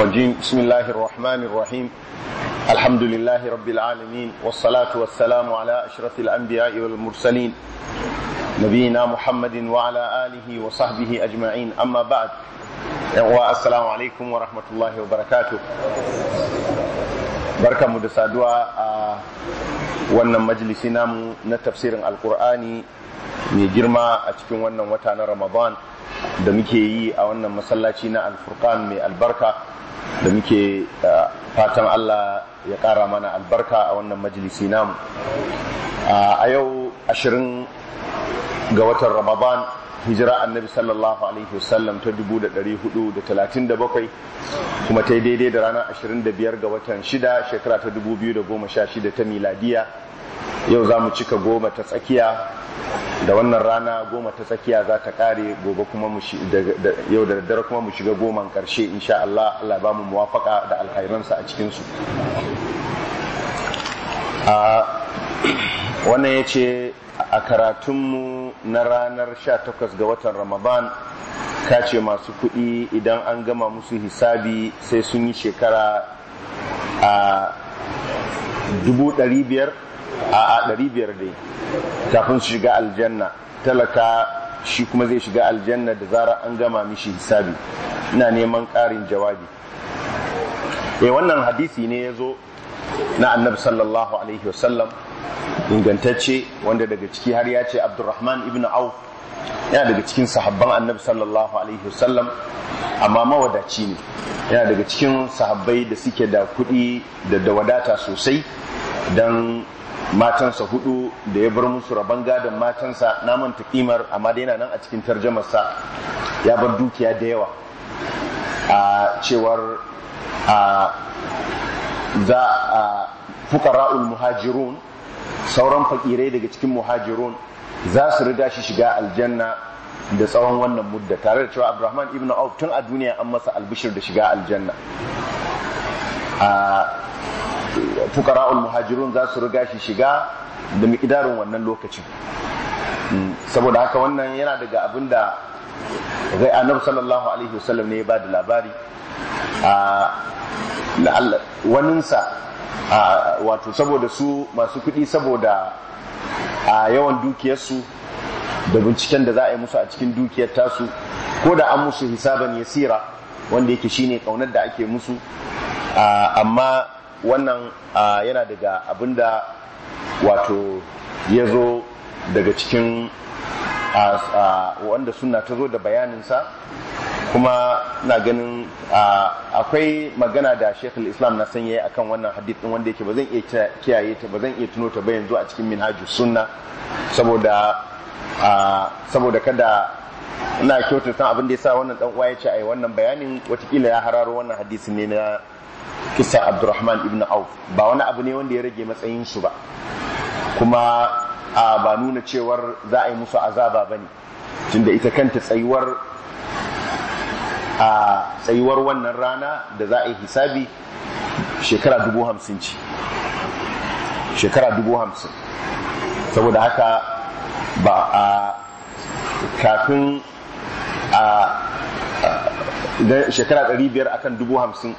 الرجيم بسم الله الرحمن الرحيم الحمد لله رب العالمين والصلاة والسلام على أشرف الأنبياء والمرسلين نبينا محمد وعلى آله وصحبه أجمعين أما بعد السلام عليكم ورحمة الله وبركاته بركة مدسادوا wannan majalisi namu na tafsirin alkur'ani mai girma a cikin wannan wata na ramadan da muke yi a wannan masallaci na alfurkan mai albarka da muke fatan Allah ya ƙara mana albarka a wannan majalisi namu a yau ashirin ga watan ramadan hijira annabi sallallahu alaihi wasallam ta dubu da da da talatin bakwai. kuma ta daidai da ranar ashirin da biyar ga watan shida shekara ta dubu biyu da goma sha shida ta miladiya yau za mu cika goma ta tsakiya da wannan rana goma ta tsakiya za ta kare gobe kuma mu yau da daddare kuma mu shiga goman karshe insha Allah Allah ba mu muwafaka da alkhairansa a cikin su a wannan ya ce a karatunmu na ranar 18 ga watan ramadan ka ce masu kuɗi idan an gama musu hisabi sai sun yi shekara a 500 a ɗari biyar dai kafin su shiga aljanna talaka shi kuma zai shiga aljanna da zara an gama mishi hisabi ina neman ƙarin jawabi eh wannan hadisi ne ya zo na annabi sallallahu alaihi wasallam ingantacce wanda daga ciki har ya ce abdurrahman ibn auf yana daga cikin sahabban annabi sallallahu alaihi wasallam amma mawadaci ne yana daga cikin sahabbai da suke da kuɗi da da wadata sosai don matansa hudu da ya bar musu rabon gadon matansa na manta kimar amma da yana nan a cikin tarjamarsa ya bar dukiya da yawa a cewar a za a fukara'ul muhajirun sauran fakirai daga cikin muhajirun za su riga shi shiga aljanna da tsawon wannan mudda tare da cewa abrahman ibn auf tun a duniya an masa albishir da shiga aljanna fukara'ul muhajirun za su riga shi shiga da miƙidarin wannan lokacin mm, saboda haka wannan yana daga abin da zai annabi sallallahu alaihi wasallam ne ya ba da labari a waninsa wato saboda su masu kuɗi saboda a yawan dukiyarsu da binciken da za a yi musu a cikin dukiyar tasu ko da an musu hisaban yasira wanda yake shine kaunar da ake musu amma wannan yana daga abinda wato ya zo daga cikin wanda suna ta zo da bayaninsa kuma na ganin akwai magana da shekul islam na sanya kan wannan hadith wanda yake ba zan iya kiyaye ta ba zan iya tuno ta yanzu a cikin minhaju sunna saboda kada ina kyautata abin da ya sa wannan dan uwa ya ce ai wannan bayanin watakila ya hararo wannan hadisi ne na kisan abdurrahman ibn auf ba wani abu ne wanda ya rage matsayin su ba kuma a ba nuna cewar za a yi musu azaba ba bane tunda ita kanta tsayuwar a tsayuwar wannan rana da za a yi hisabi shekara dubu hamsin ce shekara dubu hamsin saboda haka ba a kafin a shekara ɗari biyar akan dubu hamsin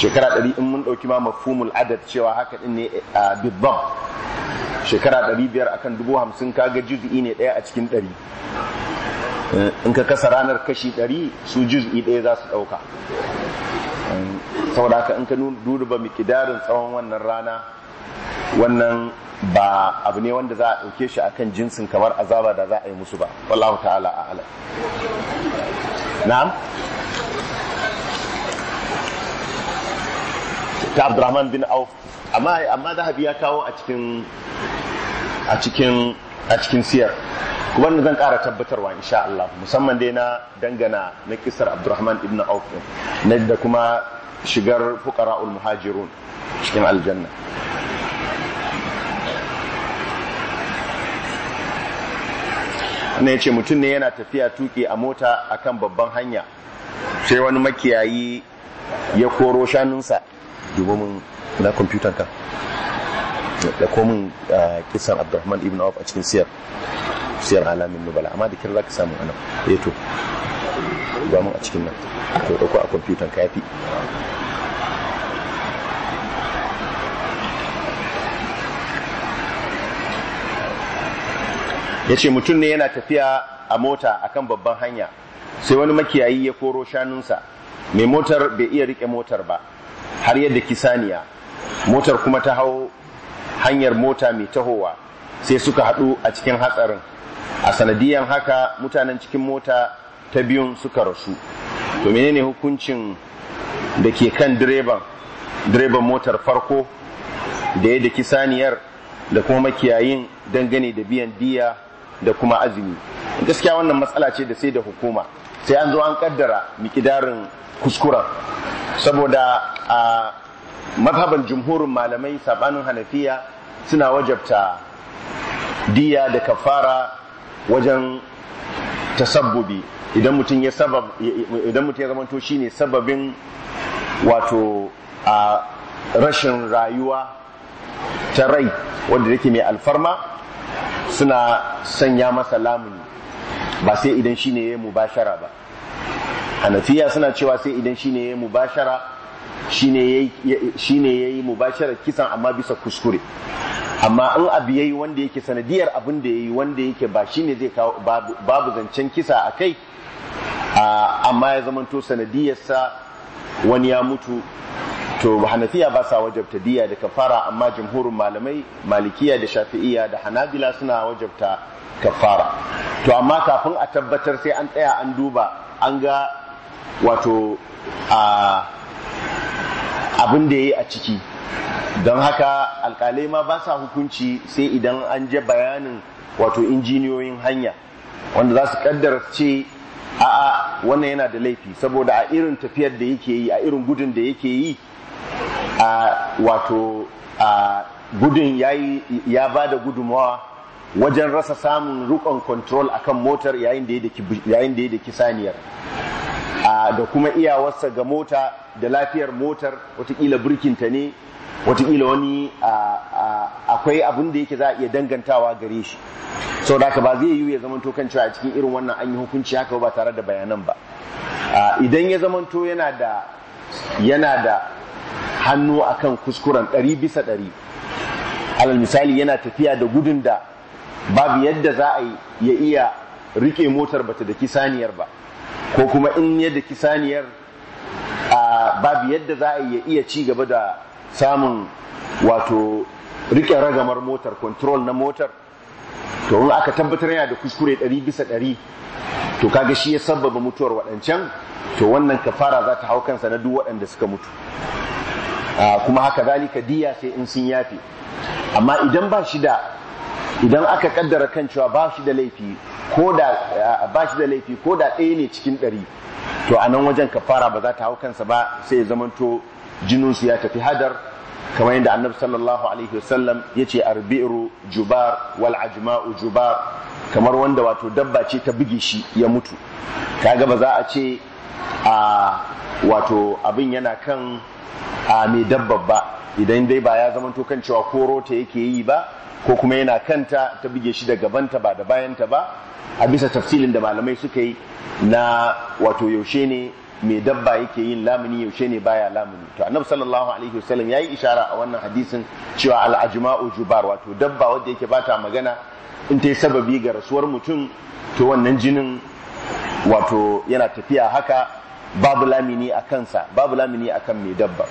shekara ɗari in mun ɗauki ma mafhumul adad cewa haka ɗin ne a bidbam shekara ɗari biyar akan dubu hamsin kaga juz'i ne ɗaya a cikin ɗari eh, in ka kasa ranar kashi ɗari su juz'i ɗaya za su ɗauka saboda haka in ka duba mikidarin tsawon wannan rana wannan ba abu ne wanda za a ɗauke shi akan jinsin kamar azaba da za a yi musu ba wallahu ta'ala a'lam ta abdurrahman bin auf amma amma zahabi ya kawo a cikin siyar kuma zan ƙara tabbatarwa insha Allah musamman dai na dangana na kisar abdurrahman ibn auf na da kuma shigar fuqara'ul muhajirun cikin aljanna ne ce mutum ne yana tafiya tuki a mota akan babban hanya sai wani makiyayi ya koro shanunsa dubo min na kwamfutan ka da komin kisan abdurrahman ibn awf a cikin siyar siyar alamin nubala amma da kira ka samu anan eh to ba mun a cikin nan to dauko a kwamfutan ka yafi ya ce mutum ne yana tafiya a mota akan babban hanya sai wani makiyayi ya koro shanunsa mai motar bai iya rike motar ba har yadda kisaniya motar kuma ta hau hanyar mota mai tahowa sai suka haɗu a cikin hatsarin a sanadiyan haka mutanen cikin mota ta biyun suka rasu to menene hukuncin da ke kan direban direban motar farko da yadda daki saniyar da kuma makiyayin dangane da biyan diya da kuma azumi gaskiya wannan matsala ce da sai da hukuma sai an zo an kaddara mikidarin kuskuren saboda a mazhaban jumhurin malamai sabanin hanafiya suna wajabta diya da kafara wajen tasabbubi idan mutum ya sabab idan mutum ya shine sababin wato a rashin rayuwa ta rai wanda yake mai alfarma suna sanya masa lamuni ba sai idan shine ya mubashara ba hanafiya suna cewa sai idan shine yayi mubashara shine yayi mubashara kisan amma bisa kuskure amma in abu yayi wanda yake sanadiyar abin da yayi wanda yake ba shine zai kawo babu zancen kisa a kai amma ya zamanto sanadiyarsa wani ya mutu to hanafiya ba sa wajabta diya da kafara amma jamhurin malamai malikiya da shafi'iya da hanabila suna wajabta kafara to amma kafin a tabbatar sai an tsaya an duba an ga wato abin da ya yi a ciki don haka alkalai ma ba sa hukunci sai idan an je bayanin wato injiniyoyin hanya wanda za su kaddara ce a'a wannan yana da laifi saboda a irin tafiyar da yake yi a irin gudun da yake yi a wato a gudun ya ba da gudunmawa wajen rasa samun rukon control akan motar yayin da ya da kisaniyar da kuma iyawarsa ga mota da lafiyar motar watakila birkinta ne watakila wani akwai abin da yake za a iya dangantawa gare shi sau da haka ba zai yiwu ya zamanto kan cewa a cikin irin wannan an yi hukunci haka ba tare da bayanan ba idan ya zamanto yana da yana da hannu akan kuskuren ɗari bisa ɗari alal misali yana tafiya da gudun da babu yadda za a yi ya iya rike motar bata da kisaniyar ba ko kuma in yadda kisaniyar a babu yadda za a iya ci gaba da samun wato riƙe ragamar motar control na motar to in aka tabbatar yana da kuskure ɗari bisa ɗari to kaga shi ya sabbaba mutuwar waɗancan to wannan kafara za ta hau kansa na duk waɗanda suka mutu kuma haka zalika diya sai in sun yafe amma idan ba shi da idan aka kaddara kan cewa ba shi da laifi ko da ɗaya ne cikin ɗari to a nan wajen kafara ba za ta hau kansa ba sai ya zamanto jininsu ya tafi hadar kamar yadda annabi sallallahu alaihi wasallam ya ce arbi'ru jubar wal ajma'u jubar kamar wanda wato dabba ce ta bugi shi ya mutu kaga ba za a ce a wato abin yana kan a mai dabba ba idan dai ba ya zamanto kan cewa koro ta yake yi ba ko kuma yana kanta ta buge shi da gabanta ba da bayanta ba a bisa tafsilin da malamai suka yi na wato yaushe ne mai dabba yake yin lamuni yaushe ne baya lamuni to annabi sallallahu alaihi wasallam yayi ishara a wannan hadisin cewa al-ajma'u jubar wato dabba wanda yake bata magana in ta yi sababi ga rasuwar mutum to wannan jinin wato yana tafiya haka babu lamini a kansa babu lamini a kan mai dabba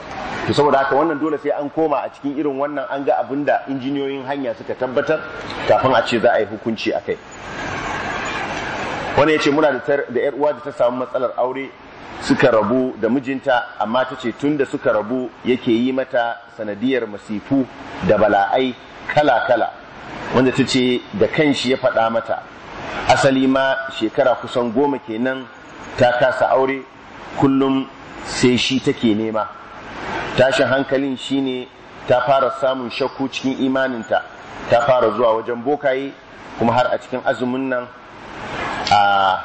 to saboda haka wannan dole sai an koma a cikin irin wannan an ga abin da injiniyoyin hanya suka tabbatar kafin a ce za a yi hukunci a kai wani ya ce muna da yar uwa da ta samu matsalar aure suka rabu da mijinta amma ta ce tun da suka rabu yake yi mata sanadiyar masifu da bala'ai kala-kala wanda ta ce da shi ya faɗa mata asali ma shekara kusan goma kenan ta kasa aure kullum sai shi take nema tashin hankalin shine ta fara samun shakku cikin imaninta ta fara zuwa wajen bokaye kuma har a cikin azumin nan a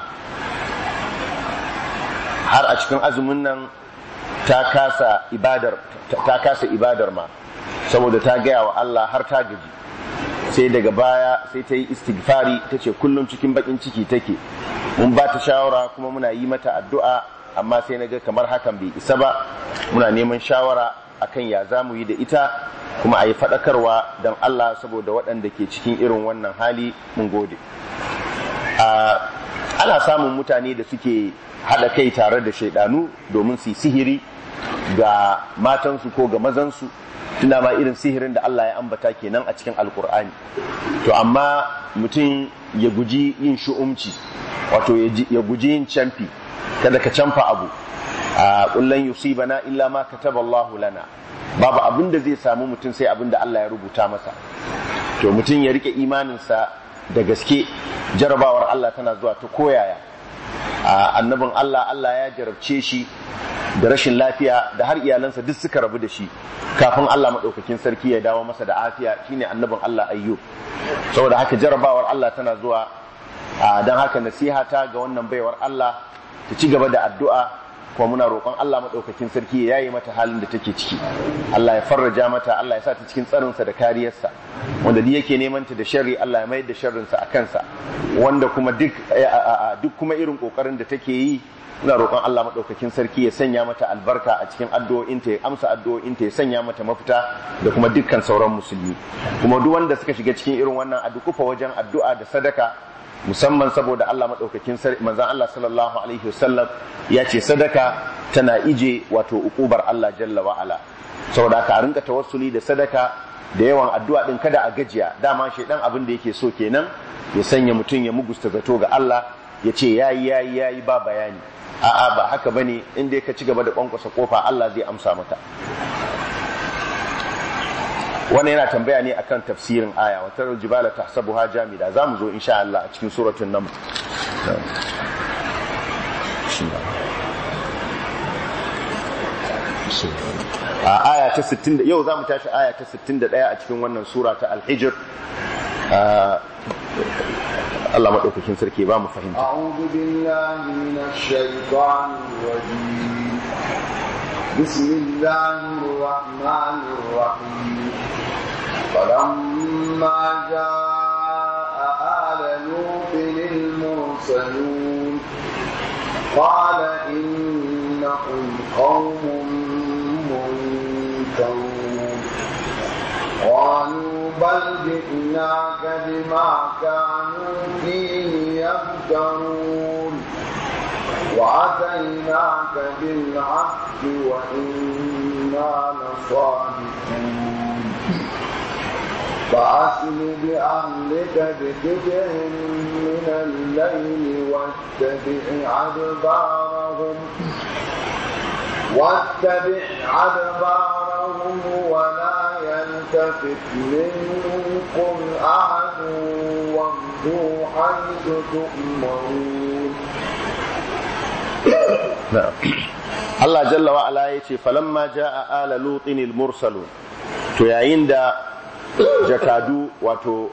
har a cikin azumin nan ta kasa ibadar ta kasa ibadar ma saboda ta gaya wa Allah har ta gaji sai daga baya sai ta yi istighfari ta ce kullum cikin bakin ciki take mun ba ta shawara kuma muna yi mata addu'a amma sai na ga kamar hakan bai isa ba muna neman shawara akan ya za mu yi da ita kuma a yi faɗakarwa don Allah saboda waɗanda ke cikin irin wannan hali mun gode. Ana samun mutane da suke haɗa kai tare da shaidanu domin su yi sihiri ga matansu ko ga mazansu tunda ma irin sihirin da Allah ya ambata kenan a cikin alkur'ani to amma mutum ya guji yin shu'umci wato ya guji yin camfi kada ka canfa abu a kullan bana illa ma kataba Allah lana babu abin da zai samu mutum sai abin da Allah ya rubuta masa to mutum ya rike imaninsa da gaske jarabawar Allah tana zuwa ta koyaya annabin Allah Allah ya jarabce shi da rashin lafiya da har iyalansa duk suka rabu da shi kafin Allah maɗaukakin sarki ya dawo masa da afiya ne annabin Allah ayyo saboda haka jarabawar Allah tana zuwa don haka nasiha ta ga wannan baiwar Allah ta ci gaba da addu'a kuma muna roƙon Allah maɗaukakin sarki ya yi mata halin da take ciki Allah ya farraja mata Allah ya sa ta cikin tsarinsa da kariyarsa wanda duk yake neman ta da sharri Allah ya mayar da sharrinsa a kansa wanda kuma duk kuma irin kokarin da take yi muna roƙon Allah maɗaukakin sarki ya sanya mata albarka a cikin addu'o'inta ya amsa addu'o'inta ya sanya mata mafita da kuma dukkan sauran musulmi kuma duk wanda suka shiga cikin irin wannan addu'a wajen addu'a da sadaka musamman saboda Allah madaukakin sarki manzon Allah sallallahu alaihi wasallam ya ce sadaka tana ije wato ukubar Allah jalla wa'ala. ala saboda ka rinka tawassuli da sadaka da yawan addu'a din kada a gajiya dama dan abin da yake so kenan ya sanya mutum ya mugusta zato ga Allah ya ce yayi yayi yayi ba bayani a'a ba haka bane in dai ka ci gaba da kwankwasa kofa Allah zai amsa mata. wannan yana tambaya ne akan tafsirin aya Wata wa tarar jibala tahsabuha jamida mu zo insha Allah a cikin suratul naml a aya ta 60 yau zamu tashi aya ta 61 a cikin wannan sura ta al-hijr Allah madaukakin sarki ba mu fahimta a'udhu billahi minash shaitanir rajim بسم الله الرحمن الرحيم فلما جاء آل لوط المرسلون قال إنكم قوم منكرون قالوا بل جئناك بما كانوا فيه يفترون وأتيناك بالحق وإنا لصادقون فأسل بأهلك بكدر من الليل واتبع أدبارهم واتبع أدبارهم ولا يلتفت منكم أحد وامضوا حيث تؤمرون نعم الله جل وعلا يتي فلما جاء آل لوط المرسلون تو يعين jakadu wato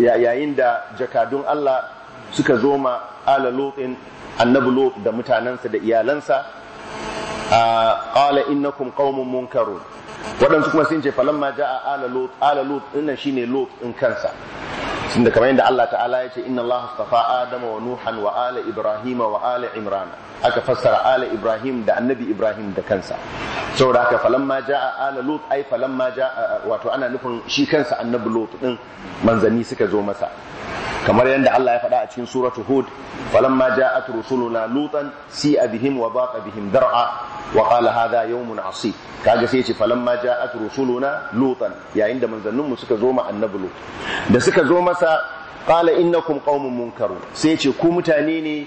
yayin da jakadun Allah suka zo ma ala lotin annabi lot da mutanensa da iyalansa a qala innakum qaumun munkarun waɗansu kuma sun ce falamma ja'a ala lot ala lut shi shine lot in kansa tunda kamar yadda Allah ta'ala ya ce inna Allah astafa Adama wa Nuhan wa ala Ibrahim wa ala Imran aka fassara ala Ibrahim da annabi Ibrahim da kansa saboda haka falamma jaa ala Lut ai falamma jaa wato ana nufin shi kansa annabi Lut din manzani suka zo masa kamar yadda Allah ya faɗa a cikin suratu Hud falamma ja'at rusuluna lutan si bihim wa baqa bihim dar'a wa qala hadha yawmun asib kaga sai ya ce falamma ja'at rusuluna lutan yayin da manzanninmu suka zo ma annabi Lut da suka zo masa qala innakum qaumun munkarun sai ya ce ku mutane ne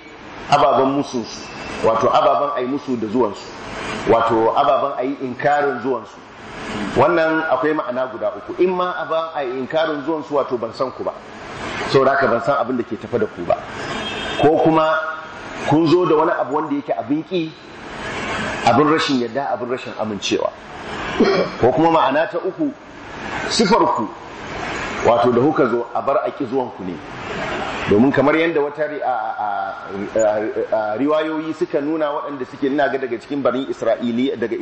ababen musu wato ababen ai musu da zuwansu wato ababen ai inkarin zuwansu wannan akwai ma'ana guda uku in ma a ban a inkarin zuwan su wato ban san ku ba saboda aka ban san abin da ke tafa da ku ba ko kuma kun zo da wani abu wanda yake abin ki abin rashin yadda abin rashin amincewa ko kuma ma'ana ta uku sifarku. wato da huka zo a bar ki zuwanku ne domin kamar yadda wata riwayoyi suka nuna waɗanda suke ina ga daga cikin barin daga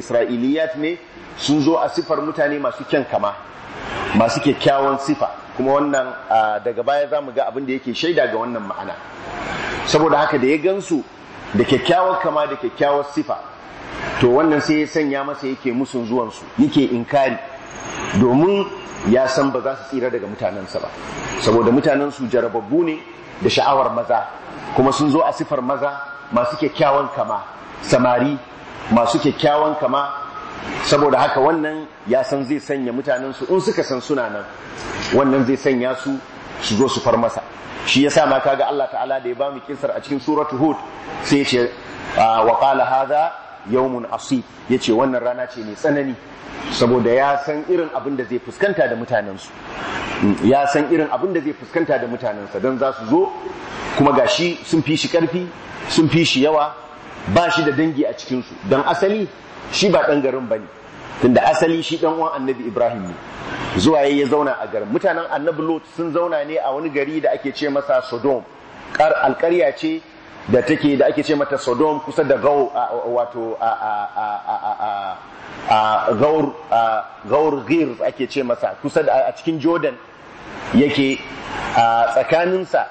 ne sun zo a sifar mutane masu kyan kama masu kyakkyawan sifa kuma wannan daga baya za mu ga abin da yake shaida ga wannan ma'ana saboda haka da ya gansu da kyakkyawar kama da kyakkyawar sifa to wannan sai ya sanya masa yake musun zuwansu yake inkari domin ya san ba za su tsira daga mutanensa ba saboda mutanen su jarababbu ne da sha'awar maza kuma sun zo a sifar maza masu kyakkyawan kama samari masu kyakkyawan kama saboda haka wannan ya san zai sanya mutanensu in suka san suna nan wannan zai sanya su su zo su far masa shi yasa ma kaga Allah ta'ala da ya ba mu kisar a cikin suratu hud sai ya ce ah, wa qala hadha yawmun asib ce wannan rana ce mai tsanani saboda ya san irin abin da zai fuskanta da mutanensu ya san irin abin da zai fuskanta da mutanensa don za su zo kuma ga shi sun fi shi karfi sun fi shi yawa ba shi da dangi a cikinsu don asali shi ba ɗan garin ba ne tunda asali shi ɗan uwan annabi ibrahim ne zuwa ya zauna a garin mutanen annabi lot sun zauna ne a wani gari da ake ce masa sodom alƙarya ce da take da ake ce mata Sodom kusa da gaur wato gaur gaur gir ake ce masa kusa da a cikin Jordan yake a tsakaninsa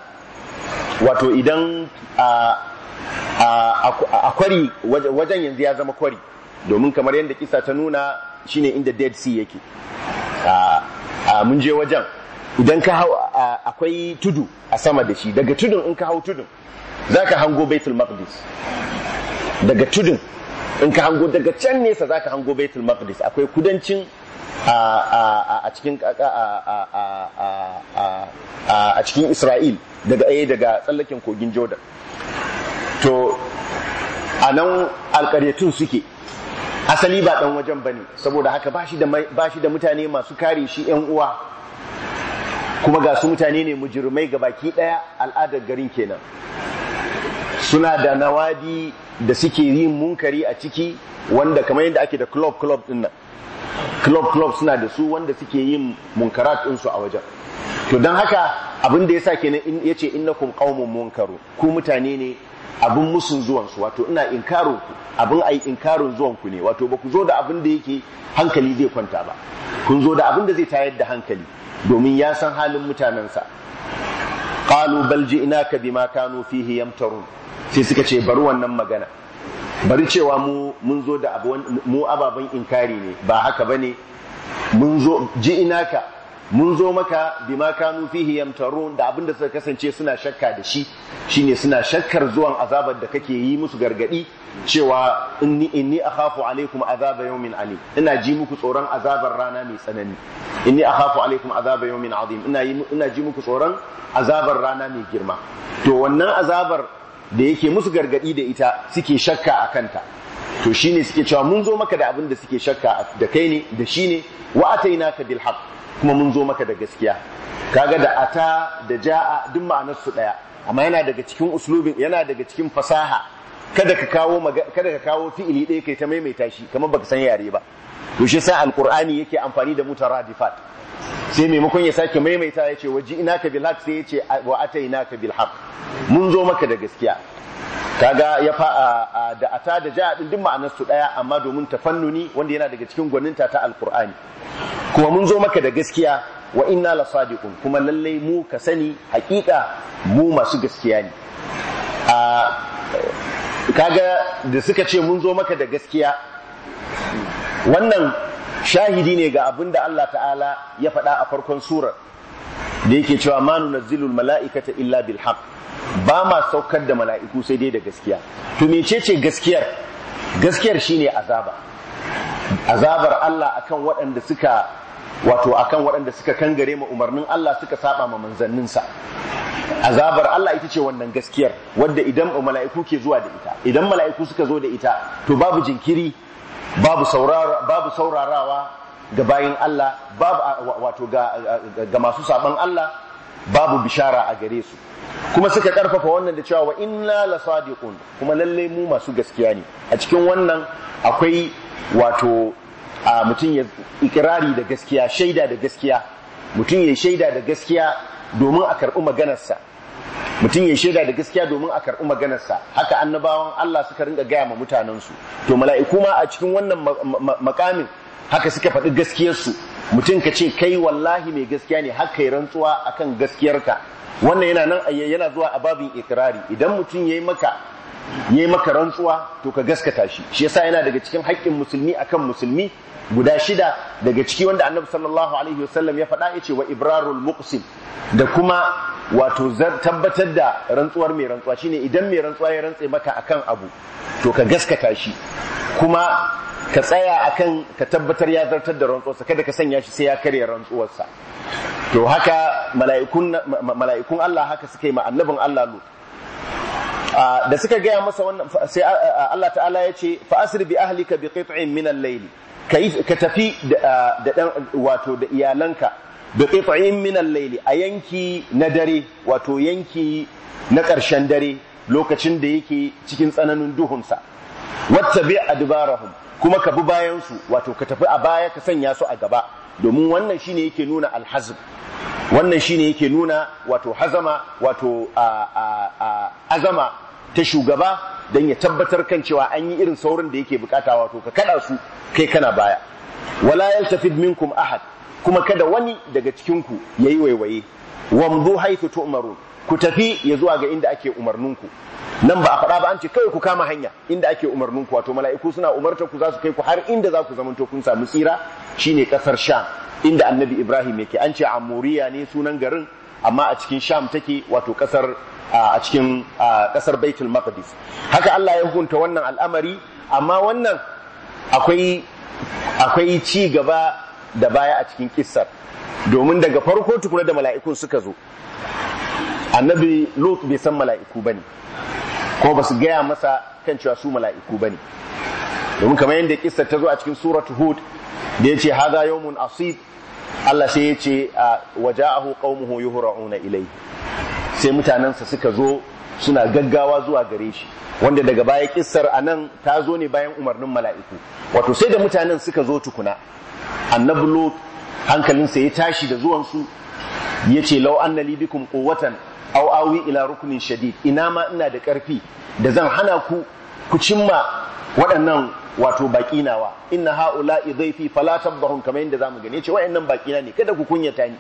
wato idan a kwari wajen yanzu ya zama kwari domin kamar yadda kisa ta nuna shine inda Dead Sea yake mun je wajen idan ka hau akwai tudu a sama da shi daga tudun in ka hau tudun Za ka hango baitul maqdis daga tudun in ka hango daga can nesa za ka hango baitul maqdis akwai kudancin a cikin a cikin Isra'il daga ɗaya eh, daga tsallakin kogin Jordan to a nan alƙaryatun suke asali ba ɗan wajen bane saboda haka ba shi da mutane masu kare shi yan uwa kuma ga su mutane ne mujirmai ga baki ɗaya al'adar garin kenan suna da nawadi da suke yin munkari a ciki wanda kamar yadda ake da club club din nan club club suna da su wanda suke yin munkarat din su a wajen to don haka abin da yasa kenan in yace innakum qaumun munkaru ku mutane ne abin musun zuwan su wato ina inkarin ku abin ai inkarin zuwan ku ne wato ba ku zo da abin da yake hankali zai kwanta ba kun zo da abin da zai tayar da hankali domin ya san halin mutanensa qalu bal ji'naka bima kanu fihi yamtarun sai suka ce bari wannan magana bari cewa mu mun zo da abu mu ababan inkari ne ba haka bane mun zo ji'naka mun zo maka bima kanu fihi yamtarun da abinda suka kasance suna shakka da shi shine suna shakkar zuwan azabar da kake yi musu gargadi cewa inni inni akhafu alaikum azaba yawmin ali ina ji muku tsoron azabar rana mai tsanani inni akhafu alaikum azaba yawmin azim ina yi ina ji muku tsoron azabar rana mai girma to wannan azabar da yake musu gargadi da ita suke shakka a kanta to shine suke cewa mun zo maka da abin da suke shakka da kai ne da shi ne wa atainaka bil haqq kuma mun zo maka da gaskiya kaga da ata da ja'a duk ma'anar su daya amma yana daga cikin uslubin yana daga cikin fasaha kada ka kawo kada ka kawo fi'ili ɗaya kai ta maimaita shi kamar baka san yare ba to shi sa alqur'ani yake amfani da mutaradifat sai maimakon ya sake maimaita yace ce waji ina ka bil haq sai yace ce wa ataina ka bil haq mun zo maka da gaskiya kaga ya fa da ata da ja din duk ma'anar su daya amma domin ta fannuni wanda yana daga cikin gwaninta ta alqur'ani kuma mun zo maka da gaskiya wa inna la sadiqun kuma lalle mu ka sani hakika mu masu gaskiya ne a kaga da suka ce mun zo maka da gaskiya wannan shahidi ne ga abin da Allah ta'ala ya faɗa a farkon surar da yake cewa ma nunazzilul mala'ikata illa bil haqq ba ma saukar da mala'iku sai dai da gaskiya to mecece gaskiyar gaskiyar shine azaba azabar Allah akan waɗanda suka wato akan waɗanda suka kangare ma umarnin Allah suka saba ma manzanninsa azabar Allah ita ce wannan gaskiyar wadda idan mala'iku ke zuwa da ita idan mala'iku suka zo da ita to babu jinkiri babu saurarawa ga bayin Allah babu wato ga, ga masu saban Allah babu bishara a gare su kuma suka karfafa wannan da cewa wa inna la sadiqun kuma lalle mu masu gaskiya ne a cikin wannan akwai wato a mutum ya ikirari da gaskiya shaida da gaskiya mutum ya shaida da gaskiya domin a karɓi maganarsa mutum ya shaida da gaskiya domin a karɓi maganarsa haka annabawan Allah suka rinka gaya ma su to mala'iku ma a cikin wannan makamin haka suka faɗi gaskiyarsu mutum ka ce kai wallahi mai gaskiya ne har kai rantsuwa akan gaskiyarka wannan yana nan yana zuwa a babin ikirari idan mutum yayi maka yayi maka rantsuwa to ka gaskata shi shi yasa yana daga cikin haƙƙin musulmi akan musulmi guda shida daga ciki wanda annabi sallallahu alaihi wasallam ya faɗa ya ce wa ibrarul muqsim da kuma wato tabbatar da rantsuwar mai rantsuwa shine idan mai rantsuwa ya rantse maka akan abu to ka gaskata shi kuma ka tsaya akan ka tabbatar ya zartar da rantsuwarsa kada ka sanya shi sai ya karya rantsuwarsa to haka mala'ikun mala'ikun Allah haka suka yi ma annabin Allah lu da suka gaya masa wannan sai Allah ta'ala ya ce fa asri bi ahlika bi qit'in min al-layli ka tafi da dan wato da iyalanka da qit'in minan laili a yanki na dare wato yanki na ƙarshen dare lokacin da yake cikin tsananin duhunsa wata wattabi adbarahum kuma ka bi bayansu wato ka tafi a baya ka sanya su a gaba domin wannan shine yake nuna alhazm wannan shine yake nuna wato hazama wato azama ta shugaba don ya tabbatar kan cewa an yi irin saurin da yake bukata wato ka kada su kai kana baya wala yaltafid minkum ahad kuma kada wani daga cikin ku yi waiwaye wamdu haythu tu'marun ku tafi ya zuwa ga inda ake umarninku nan ba a faɗa ba an ce kawai ku kama hanya inda ake umarninku wato mala'iku suna umartar ku za su kai ku har inda za ku zamanto kun samu tsira shine kasar sham inda annabi ibrahim yake an ce amuriya ne sunan garin amma a cikin sham take wato kasar a cikin kasar baitul maqdis haka Allah ya hukunta wannan al'amari amma wannan akwai akwai ci gaba da baya a cikin kissar domin daga farko tukuna da mala'ikun suka zo annabi lut bai san mala'iku bane ko ba su gaya masa kan cewa su mala'iku bane domin kamar yadda kissar ta zo a cikin suratu hud da yace hadha yawmun asib Allah sai yace waja'ahu qaumuhu yuhra'una ilayhi sai mutanensa suka zo suna gaggawa zuwa gare shi wanda daga baya kissar nan ta zo ne bayan umarnin mala'iku wato sai da mutanen suka zo tukuna annabi hankalinsa ya tashi da zuwansu ya ce lau an li bikum kowatan aw awi ila rukunin shadid ina ma ina da karfi da zan hana ku ku cimma waɗannan wato baki nawa inna haula idhaifi fala tabdahum kamar yadda zamu gani yace wayannan baki na ne kada ku kunyata ni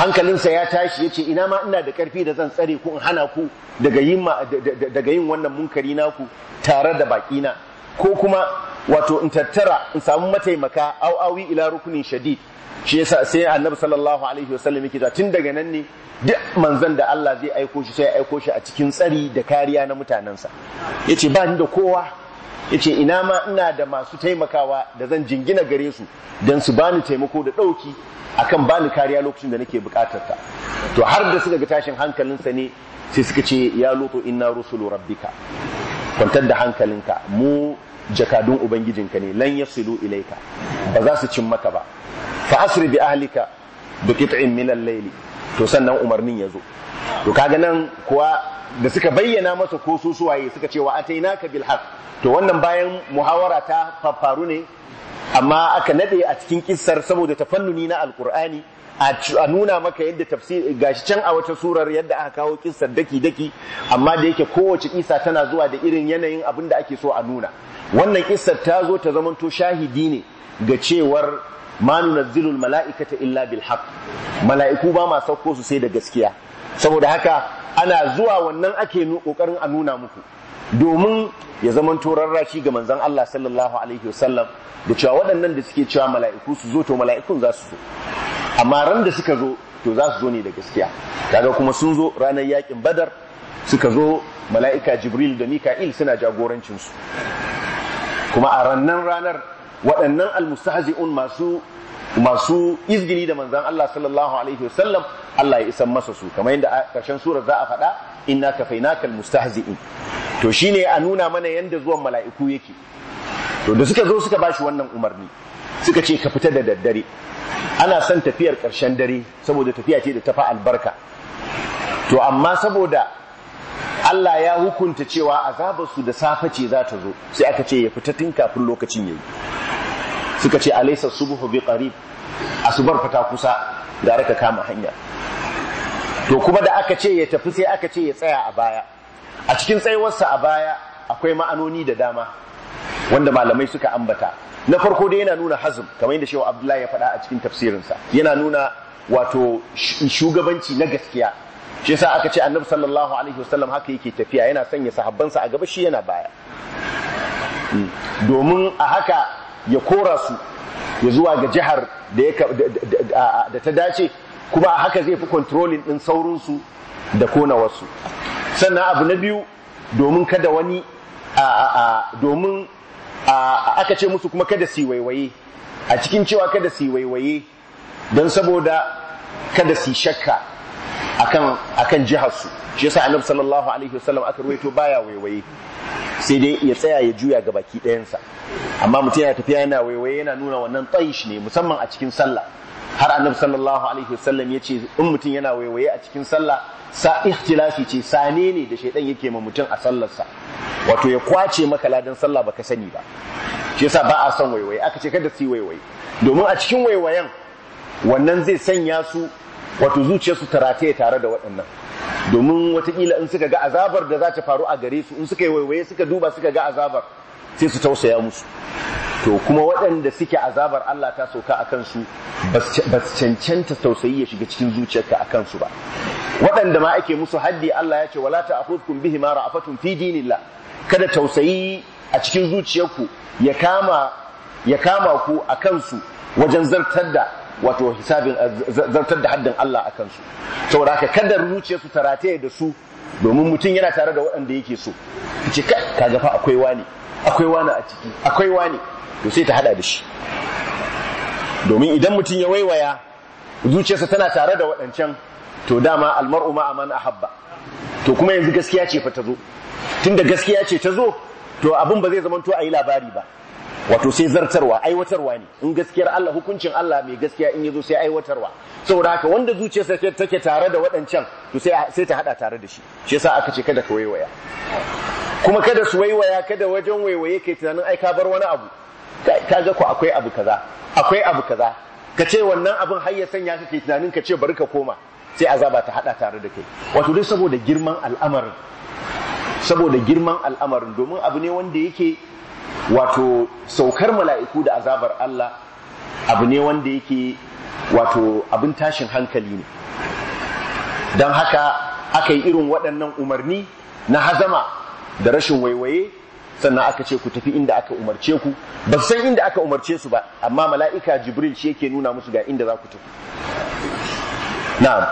hankalinsa ya tashi ya ce ina ma ina da ƙarfi da zan tsare ku in hana ku daga yin wannan munkari naku tare da baƙina ko kuma wato in tattara in samu mataimaka au'awi ila rukunin shadid shi yasa sai annabi sallallahu alaihi wasallam yake tun daga nan ne duk manzon da Allah zai aiko shi sai ya aiko shi a cikin tsari da kariya na mutanensa yace ba ni da kowa yace ina ma ina da masu taimakawa da zan jingina gare su dan su bani taimako da ɗauki? akan bani kariya lokacin da nake bukatar ta to har da suka ga tashin hankalinsa ne sai suka ce ya lutu inna rusulu rabbika kwantar da hankalinka mu jakadun ubangijinka ne lan yasilu ilaika ba za su cin maka ba fa asri bi ahlika bi qit'in min al-layli to sannan umarnin ya zo to kaga nan kuwa da suka bayyana masa ko su suwaye suka ce wa atainaka bil haqq to wannan bayan muhawara ta faffaru ne amma aka nade a cikin kissar saboda tafannuni na alkur'ani a nuna maka yadda tafsir gashi can a wata surar yadda aka kawo kissar daki daki amma da yake kowace kisa tana zuwa da irin yanayin abin da ake so a nuna wannan kissar ta zo ta zamanto shahidi ne ga cewar ma nunazzilul mala'ikata illa bil haqq mala'iku ba ma sauko su sai da gaskiya saboda haka ana zuwa wannan ake kokarin a nuna muku domin ya zaman rarrashi ga manzan Allah sallallahu alaihi wasallam da cewa waɗannan da suke cewa mala'iku su zo to mala'ikun za su zo amma ran da suka zo to za su zo ne da gaskiya kaga kuma sun zo ranar yakin badar suka zo mala'ika jibril da mika'il suna jagorancinsu. kuma a rannan ranar waɗannan almustahzi'un masu masu izgili da manzan Allah sallallahu alaihi wasallam Allah ya isan masa su kamar yadda karshen surar za a faɗa inna kafainaka almustahzi'in to shine a nuna mana yanda zuwan mala'iku yake to da suka zo suka ba shi wannan umarni suka ce ka fita da daddare ana son tafiyar karshen dare saboda tafiya ce da tafi albarka to amma saboda Allah ya hukunta cewa su da safe ce za ta zo sai aka ce ya fita tun kafin lokacin yayi suka ce alaysa subhu biqarib asubar fata kusa gara ka kama hanya to kuma da aka ce ya tafi sai aka ce ya tsaya a baya a cikin tsayuwarsa a baya akwai ma'anoni da dama wanda malamai suka ambata na farko dai yana nuna hazm kamar yadda shehu abdullahi ya faɗa a cikin tafsirinsa yana nuna wato shugabanci na gaskiya shi yasa aka ce annabi sallallahu alaihi wasallam haka yake tafiya yana sanya sahabbansa a gaba shi yana baya hmm. domin a haka ya kora su ya zuwa ga jihar da ta dace kuma a haka zai fi kontrolin ɗin saurinsu da kona wasu sannan abu na biyu domin kada wani domin aka ce musu kuma kada su waiwaye a cikin cewa kada su waiwaye don saboda kada su shakka akan jiharsu jihar su shi yasa annabi sallallahu alaihi wasallam aka ruwaito baya waiwaye sai dai ya tsaya ya juya ga baki ɗayansa amma mutum yana tafiya yana waiwaye yana nuna wannan tsayish ne musamman a cikin sallah har annabi sallallahu alaihi wasallam ya ce in mutum yana waiwaye a cikin sallah sa ikhtilafi ce sane ne da shaidan yake ma mutum a sallarsa wato ya kwace maka ladan sallah baka sani ba shi yasa ba a son waiwaye aka ce kada su yi waiwaye domin a cikin waiwayen wannan zai sanya su wato zuciyarsu ta rataye tare da waɗannan domin watakila in suka ga azabar da za ta faru a gare su in suka yi waiwaye suka duba suka ga azabar sai su tausaya musu to kuma waɗanda suke azabar Allah ta sauka a kansu ba su cancanta tausayi ya shiga cikin zuciyarka a kansu ba waɗanda ma ake musu haddi Allah ya ce wala ta'khudhukum bihi ma ra'afatun fi dinillah kada tausayi a cikin zuciyarku ya kama ya kama ku a kansu wajen zartar da wato hisabin eh, zartar da haddin Allah a kansu saboda haka kada zuciyarsu su rataye da su domin mutum yana tare da waɗanda yake so ce ka ga akwai wani akwai wani a ciki akwai wani to sai ta hada da shi domin idan mutum ya waiwaya zuciyarsa tana tare da waɗancan to dama almar'u ma aman habba. to kuma yanzu gaskiya ce fa ta zo tunda gaskiya ce ta zo to abin ba zai zamanto a yi labari ba wato sai zartarwa aiwatarwa ne in gaskiyar Allah hukuncin Allah mai gaskiya in yazo sai aiwatarwa saboda haka wanda zuciyarsa take tare da waɗancan to sai sai ta hada tare da shi shi yasa aka ce kada ka waiwaya kuma kada su waiwaya kada wajen waiwaye kai tunanin ai ka bar wani abu ka ga ku akwai abu kaza akwai abu kaza ka ce wannan abin har ya sanya ka tunanin ka ce bari ka koma sai azaba ta hada tare da kai wato dai saboda girman al'amarin saboda girman al'amarin domin abu ne wanda yake wato saukar mala'iku da azabar Allah abu ne wanda yake wato abin tashin hankali ne don haka aka yi irin waɗannan umarni na hazama da rashin waiwaye sannan aka ce ku tafi inda aka umarce ku ba san inda aka umarce su ba amma mala'ika jibril shi yake nuna musu ga inda za ku tafi na'am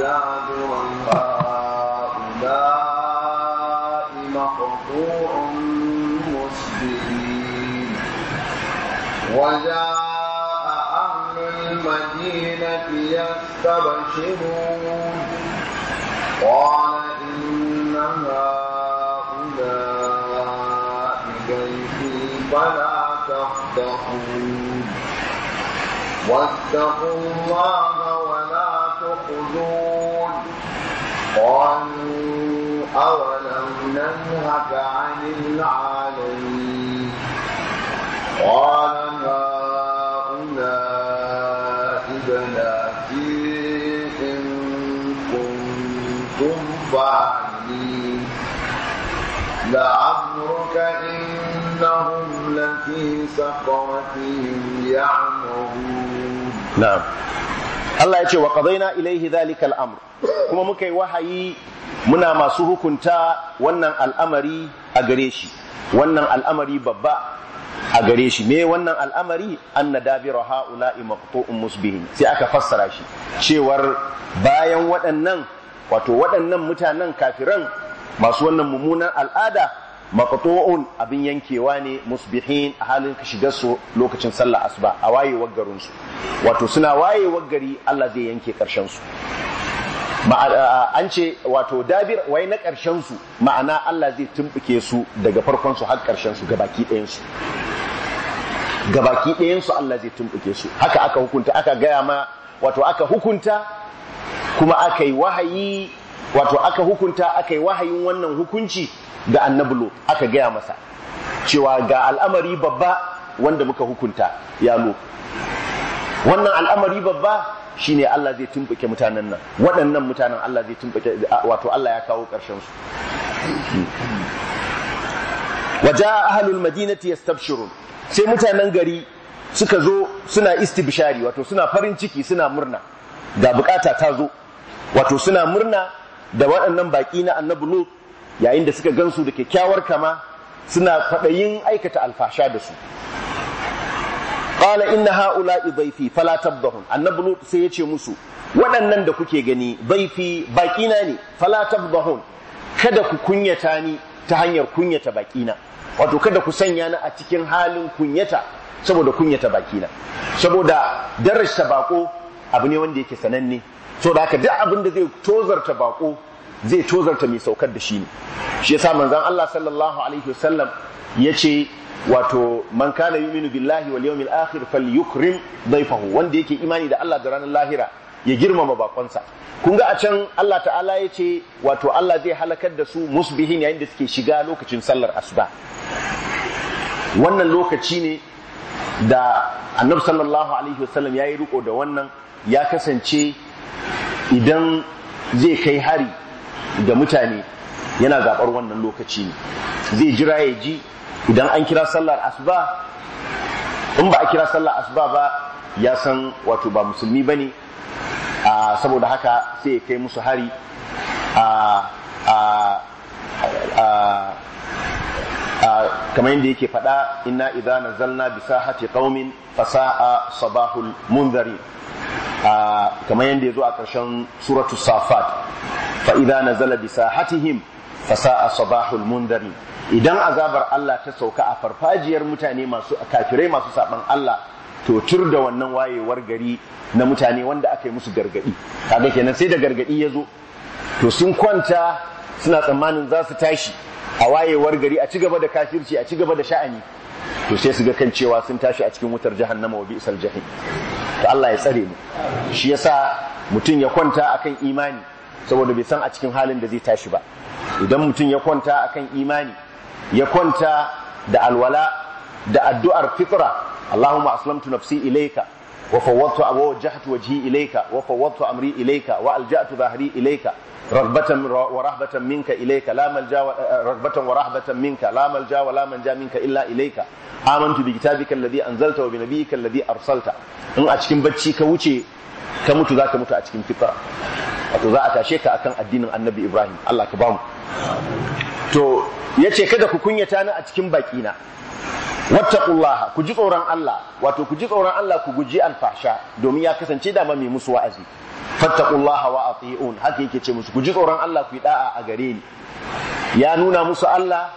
وجاء أهل المدينة يستبشرون قال إن هؤلاء بيتي فلا تفتحون واتقوا الله قالوا أولم ننهك عن العالمين قال هؤلاء بناتي إن كنتم فاعلين لعمرك إنهم لفي سقرتهم يعمرون نعم Allah ya ce wa qadaina ilaihi dhalika al-amr kuma muka yi wahayi muna masu hukunta wannan al'amari a gare shi wannan al'amari babba a gare shi me wannan al'amari an na dabira ha'ula'i maqtu'un musbihin sai aka fassara shi cewar bayan waɗannan wato waɗannan mutanen kafiran masu wannan mummunan al'ada maqtu'un abin yankewa ne musbihin a halin shigar su lokacin sallah asuba a wayewar garin su wato suna wayewar gari Allah zai yanke karshen su an ce wato dabir wai na karshen su ma'ana Allah zai tumbuke su daga farkon su har karshen su gabaki ɗayan su gabaki ɗayan su Allah zai tumbuke su haka aka hukunta aka gaya ma wato aka hukunta kuma aka yi wahayi wato aka hukunta aka yi wahayin wannan hukunci ga annabi aka gaya masa cewa ga al'amari babba wanda muka hukunta ya lo wannan al'amari babba shine Allah zai tumbuke mutanen nan waɗannan mutanen Allah zai tumbuke wato Allah ya kawo ƙarshen su Waje waja ahlul madinati yastabshirun sai mutanen gari suka zo suna istibshari wato suna farin ciki suna murna da bukata ta zo wato suna murna da waɗannan baƙi na annabi lut yayin da suka gansu da kyakkyawar kama suna faɗayin aikata alfasha da su qala inna ha'ula dhayfi fala tabdahum annabi lut sai yace musu waɗannan da kuke gani dhayfi baƙina ne fala tabdahum kada ku kunyata ni ta hanyar kunyata baƙina wato kada ku sanya ni a cikin halin kunyata saboda kunyata baƙina saboda darasta baƙo abu ne wanda yake sananne so da haka duk abin da zai tozarta baƙo zai tozarta mai saukar da shi ne shi yasa manzon Allah sallallahu alaihi wasallam yace wato man kana yuminu billahi wal yawmil akhir falyukrim dayfahu wanda yake imani da Allah da ranar lahira ya girmama bakonsa kun ga a can Allah ta'ala ya ce wato Allah zai halakar da su musbihin yayin da suke shiga lokacin sallar asuba wannan lokaci ne da annabi sallallahu alaihi wasallam ya yi riko da wannan ya kasance idan zai kai hari da mutane yana zaɓar wannan lokaci ne zai jira ya ji idan an kira sallar asuba in ba a kira sallar asuba ba ya san wato ba musulmi ba ne saboda haka sai ya kai musu hari kamar yadda yake faɗa inna idza nazalna bi sahati qaumin fasa'a sabahul munzari kamar yadda yazo a ƙarshen suratu safat fa idza nazala bi sahatihim fasa'a sabahul munzari idan azabar Allah ta sauka a farfajiyar mutane masu kafirai masu saban Allah to tur da wannan wayewar gari na mutane wanda aka yi musu gargadi kaga kenan sai da gargadi ya zo to sun kwanta suna tsammanin za su tashi a wayewar gari a ci gaba da kafirci a ci gaba da sha'ani to sai su ga kan cewa sun tashi a cikin wutar jahannama wa bi'sal jahim to Allah ya tsare mu shi yasa mutum ya kwanta akan imani saboda bai san a cikin halin da zai tashi ba idan mutum ya kwanta akan imani ya kwanta da alwala da addu'ar fitra Allahumma aslamtu nafsi ilayka wa fawwadtu wajhatu wajhi ilayka wa fawwadtu amri ilayka wa alja'tu dhahri ilayka ragbatan wa rahbatan minka ilayka la malja wa ragbatan wa rahbatan minka la malja wa la manja minka illa ilayka amantu bi kitabika alladhi anzalta wa bi nabiyyika alladhi arsalta in a cikin bacci ka wuce ka mutu zaka mutu a cikin fitra wato za a tashe ka akan addinin annabi ibrahim Allah ka bamu to yace kada ku kunyata ni a cikin baki na wattaqullaha ku ji tsoron Allah wato ku ji tsoron Allah ku guji alfasha domin ya kasance dama mai musu wa'azi fattakullaha wa ati'un haka yake ce musu ku ji tsoron Allah ku yi da'a a gare ni ya nuna musu Allah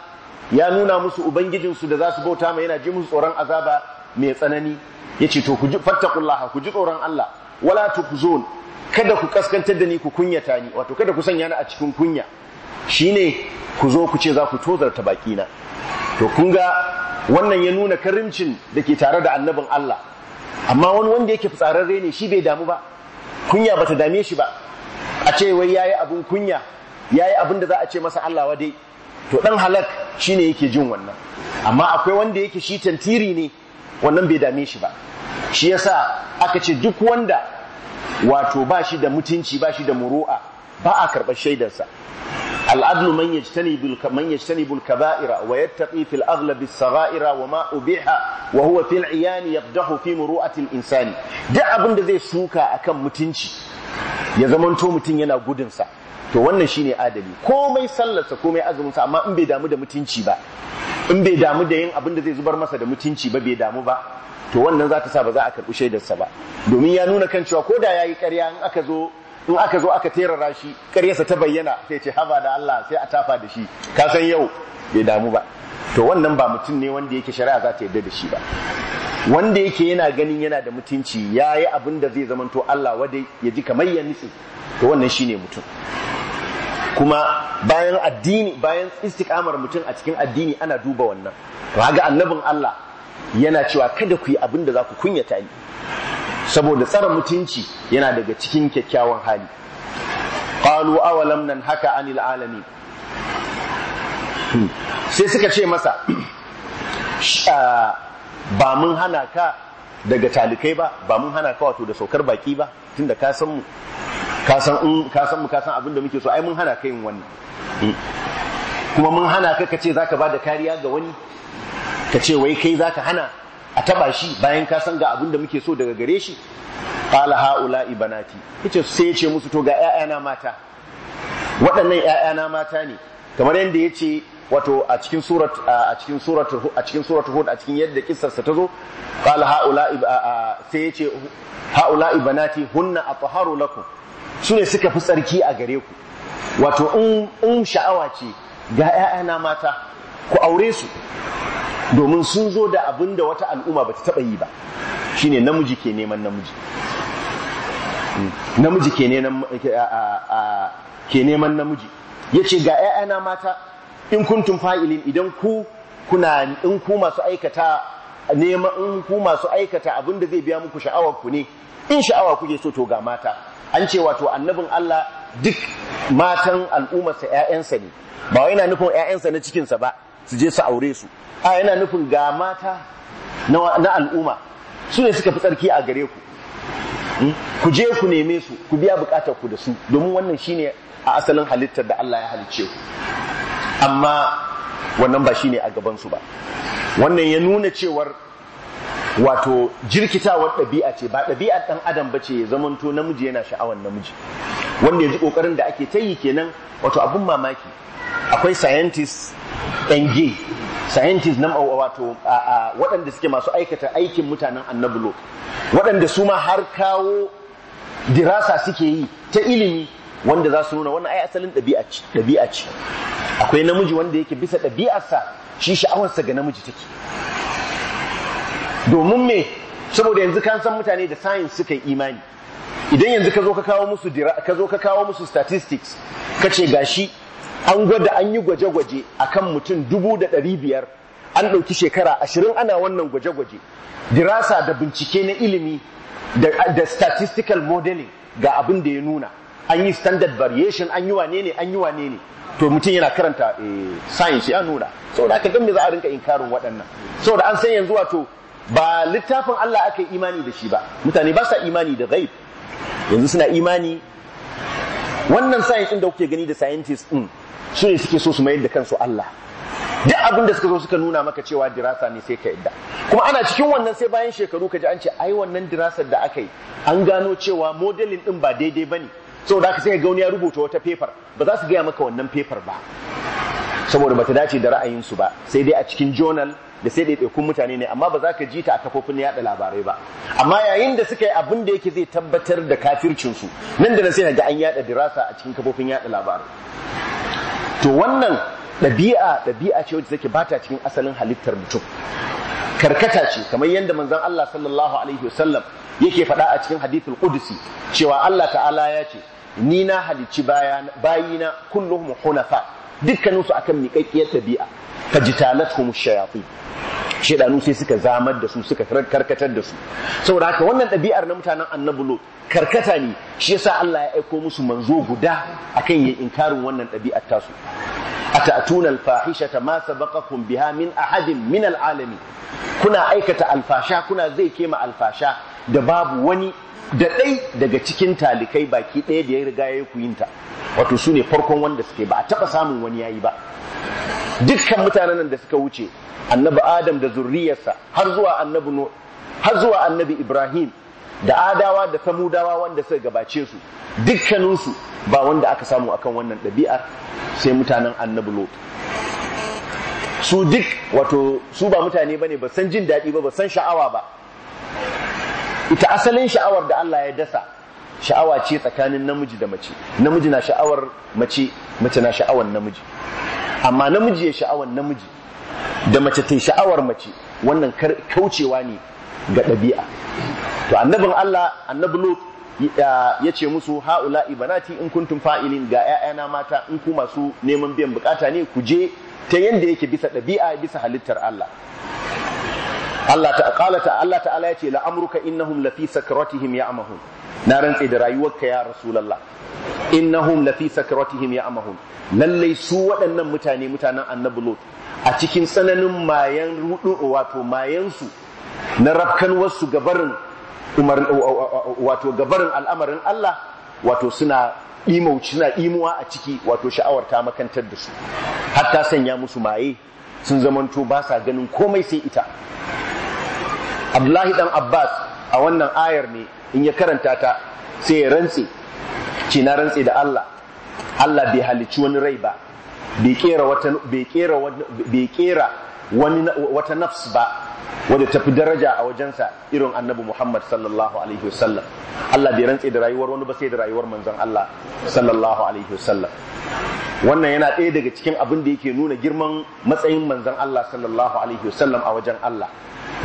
ya nuna musu ubangijinsu da za su bauta mai yana ji musu tsoron azaba mai tsanani yace to ku ji fattakullaha ku ji tsoron Allah wala tukzun kada ku kaskantar da ni ku kunyata ni wato kada ku sanya ni a cikin kunya shine ku zo ku ce za ku tozarta baki na to kun ga wannan ya nuna karimcin da ke tare da annabin Allah amma wani wanda yake fitsararre ne shi bai damu ba kunya bata dame shi ba a ce wai ya yi abin kunya ya yi abin da za a ce masa Allah wa dai to dan halak shine yake jin wannan amma akwai wanda yake shi tantiri ne wannan bai dame shi ba shi yasa aka ce duk wanda wato ba shi da mutunci ba shi da muru'a ba a karɓar shaidarsa العدل من يجتنب من يجتنب الكبائر ويتقي في الاغلب الصغائر وما ابيح وهو في العيان fi في مروءه الانسان duk abin da zai shuka akan mutunci ya zamanto mutum yana gudunsa. to wannan shi ne adali komai sallarsa komai azumin sa amma in bai damu da mutunci ba in bai damu da yin abin da zai zubar masa da mutunci ba bai damu ba to wannan za ta sa ba za a karɓi shaidarsa ba domin ya nuna kan cewa ko da ya yi ƙarya in aka zo in aka zo aka terara shi ƙaryarsa ta bayyana sai ce haba da Allah sai a tafa da shi ka san yau bai damu ba to wannan ba mutum ne wanda yake shari'a za ta yadda da shi ba wanda yake yana ganin yana da mutunci ya yi abin da zai zamanto Allah wadai ya ji kamar ya nitsi to wannan shi ne mutum kuma bayan addini bayan istikamar mutum a cikin addini ana duba wannan to ga annabin Allah yana cewa kada ku yi abin da za ku kunyata ni saboda tsara mutunci yana daga cikin kyakkyawan hali qalu awalam nan haka anil alamin sai suka ce masa ba mun hana ka daga talikai ba ba mun hana ka wato da saukar baki ba tunda ka san mu ka san mu ka san abin da muke so ai mun hana ka yin wannan kuma mun hana ka kace zaka da kariya ga wani kace wai kai zaka hana a taba shi bayan ka san ga abin da muke so daga gare shi qala haula ibanati yace sai ya ce musu to ga ƴaƴana mata waɗannan 'ya'yana mata ne kamar yadda ya ce wato a cikin surat a cikin surat a hud a cikin yadda kisarsa ta zo qala haula sai yace haula ibanati hunna atharu lakum sune suka fi tsarki a gare ku wato in sha'awa ce ga 'ya'yana mata ku aure su domin sun zo da abin da wata al'umma ba ta taɓa yi ba shine namiji ke neman namiji hmm. namiji eh, ke neman namiji ya ce ga 'ya'yana mata in kuntun fa'ilin idan ku kuna in ku masu aikata nema in ku masu aikata abin da zai biya muku sha'awar ku ne in sha'awa kuke so to ga mata an ce wato annabin Allah duk matan al'ummarsa 'ya'yansa ne ba wai yana nufin 'ya'yansa na cikinsa ba su je su aure su a yana nufin ga mata na al'umma su ne suka fi tsarki a gare ku hmm? ku je ku neme su ku biya bukatar ku da su domin wannan shine a asalin halittar da Allah ya halicce ku amma wannan ba shine a gabansu ba wannan ya nuna cewar wato jirkitawar ɗabi'a ce ba ɗabi'ar ɗan adam ba ce ya zamanto namiji yana sha'awar namiji wanda ya ji ƙoƙarin da ake ta yi kenan wato abin mamaki akwai scientists NG scientists nan wato waɗanda suke masu aikata aikin mutanen annabulo waɗanda su ma har kawo dirasa suke yi ta ilimi wanda za su nuna wannan ai asalin ɗabi'a ce akwai namiji wanda yake bisa ɗabi'arsa shi sha'awarsa ga namiji take domin me saboda yanzu kan san mutane da science suka yi imani idan yanzu ka zo ka kawo musu statistics ka ce gashi an gwada an yi gwaje-gwaje a kan mutum dubu da ɗari biyar an ɗauki shekara ashirin ana wannan gwaje-gwaje dirasa da bincike na ilimi da statistical modeling ga abin da ya nuna an yi standard variation an yi wane ne an yi wane ne to mutum yana karanta eh, science ya nuna saboda aka gan me za a rinka inkarin waɗannan saboda an san yanzu wato ba littafin Allah aka yi imani da shi ba mutane ba sa imani da ghaib yanzu suna imani wannan science din da kuke gani da scientists din su ne suke so su mayar da kansu Allah duk abin da suka zo suka nuna maka cewa dirasa ne sai ka yadda kuma ana cikin wannan sai bayan shekaru ka ji an ce ai wannan dirasar da aka yi an gano cewa modelin din ba daidai bane saboda haka sai ga wani ya rubuta wata paper ba za su gaya maka wannan paper ba saboda bata dace da ra'ayinsu ba sai dai a cikin journal da sai ɗaiɗaikun mutane ne amma ba za ka ji ta a kafofin yaɗa labarai ba amma yayin da suka yi abin da yake zai tabbatar da kafircinsu nan da nan sai ga an yaɗa dirasa a cikin kafofin yaɗa labarai to wannan ɗabi'a ɗabi'a ce wacce take bata cikin asalin halittar mutum karkata ce kamar yadda manzon Allah sallallahu alaihi wasallam yake faɗa a cikin hadithul qudsi cewa Allah ta'ala ya ce ni na halicci bayina kulluhum hunafa dukkaninsu akan miƙaƙƙiyar ɗabi'a fajitalathum shayatin shedanu sai suka zamar da su suka karkatar da su saboda haka wannan ɗabi'ar na mutanen annabulo lot karkata ne shi yasa Allah ya aiko musu manzo guda akan yin inkarin wannan ɗabi'ar tasu atatuna alfahishata ma sabaqakum biha min ahadin min alalamin kuna aikata alfasha kuna zai kema alfasha da babu wani da ɗai daga cikin talikai baki ɗaya da ya riga ya ku yinta wato su ne farkon wanda suke ba a taɓa samun wani yayi ba dukkan mutanen da suka wuce annabi adam da zurriyarsa har zuwa annabi har zuwa annabi ibrahim da adawa da samudawa wanda suka gabace su dukkaninsu ba wanda aka samu akan wannan ɗabi'ar sai mutanen annabi lot su duk wato su ba mutane bane ba san jin daɗi ba ba san sha'awa ba ita asalin sha'awar da Allah ya dasa sha'awa ce tsakanin namiji da mace namiji na sha'awar mace mace na sha'awar namiji amma namiji ya sha'awar namiji da mace ta sha'awar mace wannan kaucewa ne ga ɗabi'a to annabin Allah annabi lo ya ce musu haula ibanati in kuntum fa'ilin ga 'ya'yana mata in ku masu neman biyan bukata ne ku je ta yanda yake bisa ɗabi'a bisa halittar Allah Allah ta qala ta Allah ta'ala yace la amruka innahum la fi sakratihim ya'mahun na rantse da rayuwarka ya rasulullah innahum la fi sakratihim ya'mahun lalle su waɗannan mutane mutanen annabi lot a cikin tsananin mayan rudu wato mayan su na rafkan wasu gabarin umar wato gabarin al'amarin Allah wato suna imauci suna imuwa a ciki wato sha'awar ta makantar da su hatta sanya musu maye sun zamanto ba sa ganin komai sai ita abdullahi dan abbas a wannan ayar ne in ya karanta ta sai ya rantse ce na rantse da allah allah bai halicci wani rai ba bai kera wani wata nafs ba wadda tafi daraja a wajensa irin annabi Muhammad sallallahu alaihi wasallam Allah bai rantse da rayuwar wani ba sai da rayuwar manzon Allah sallallahu alaihi wasallam wannan yana ɗaya daga cikin abin da yake nuna girman matsayin manzon Allah sallallahu alaihi wasallam a wajen Allah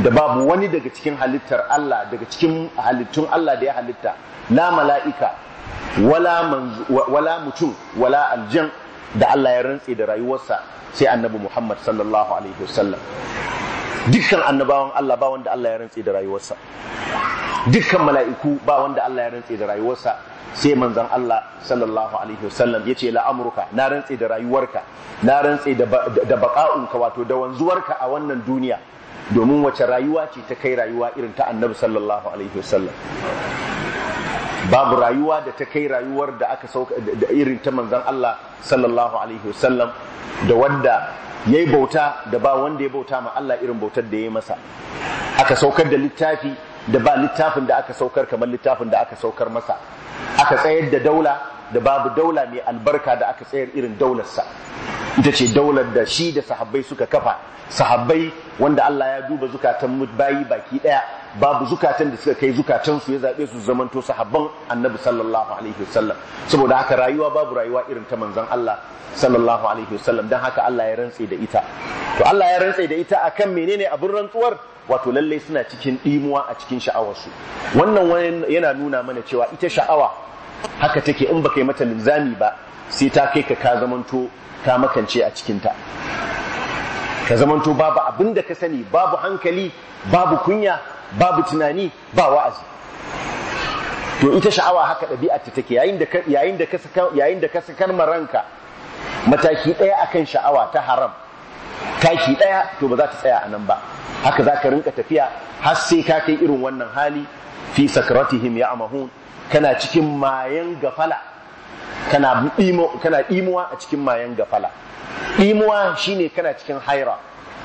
da babu wani daga cikin halittar Allah daga cikin halittun Allah da ya halitta la mala'ika wala mutum wala aljan da Allah ya rantse da rayuwarsa sai annabi Muhammad sallallahu alaihi wasallam dukkan annabawan Allah ba wanda Allah ya rantse da rayuwarsa dukkan mala'iku ba wanda Allah ya rantse da rayuwarsa sai manzon Allah sallallahu alaihi wasallam yace la amruka na rantse da rayuwarka na rantse da da baka'unka wato da wanzuwarka a wannan duniya domin wace rayuwa ce ta kai rayuwa irin ta annabi sallallahu alaihi wasallam babu rayuwa da ta kai rayuwar da aka sauka da irin ta manzon Allah sallallahu alaihi wasallam da wanda yayi bauta da ba wanda ya bauta ma Allah irin bautar da ya yi masa aka saukar da littafi da ba littafin da aka saukar kamar littafin da aka saukar masa aka tsayar da daula da babu daula mai albarka da aka tsayar irin daularsa ita ce daular da shi da sahabbai suka kafa sahabbai wanda Allah ya duba zukatan bayi baki daya babu zukatan da suka kai zukatan su ya zaɓe su zamanto sahabban annabi sallallahu alaihi wasallam saboda haka rayuwa babu rayuwa irin ta manzon Allah sallallahu alaihi wasallam dan haka Allah ya rantse da ita to Allah ya rantse da ita akan menene abin rantsuwar wato lalle suna cikin dimuwa a cikin sha'awarsu wannan wani yana nuna mana cewa ita sha'awa haka take in baka yi mata linzami ba sai ta kai ka ka zamanto ka makance a cikin ta ka zamanto babu abin da ka sani babu hankali babu kunya babu tunani ba wa'azi to ita sha'awa haka ɗabi'arta take yayin da da ka saka yayin ranka mataki ɗaya akan sha'awa ta haram taki ɗaya to ba za ta tsaya anan ba haka za ka rinka tafiya har sai ka kai irin wannan hali fi sakratihim ya amahun kana cikin mayan gafala kana ɗimuwa a cikin mayan gafala ɗimuwa shine kana cikin haira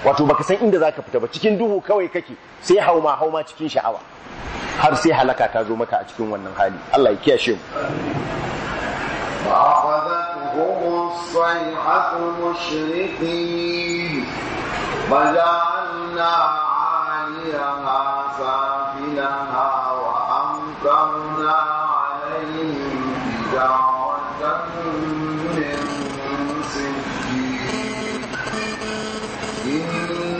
wato baka san inda zaka fita ba cikin duhu kawai kake sai hauma hauma cikin sha'awa har sai halaka ta zo maka a cikin wannan hali Allah ya kiyashe mu فأخذتهم الصيحة مشرقين فجعلنا عاليها سافلها وأمطرنا عليهم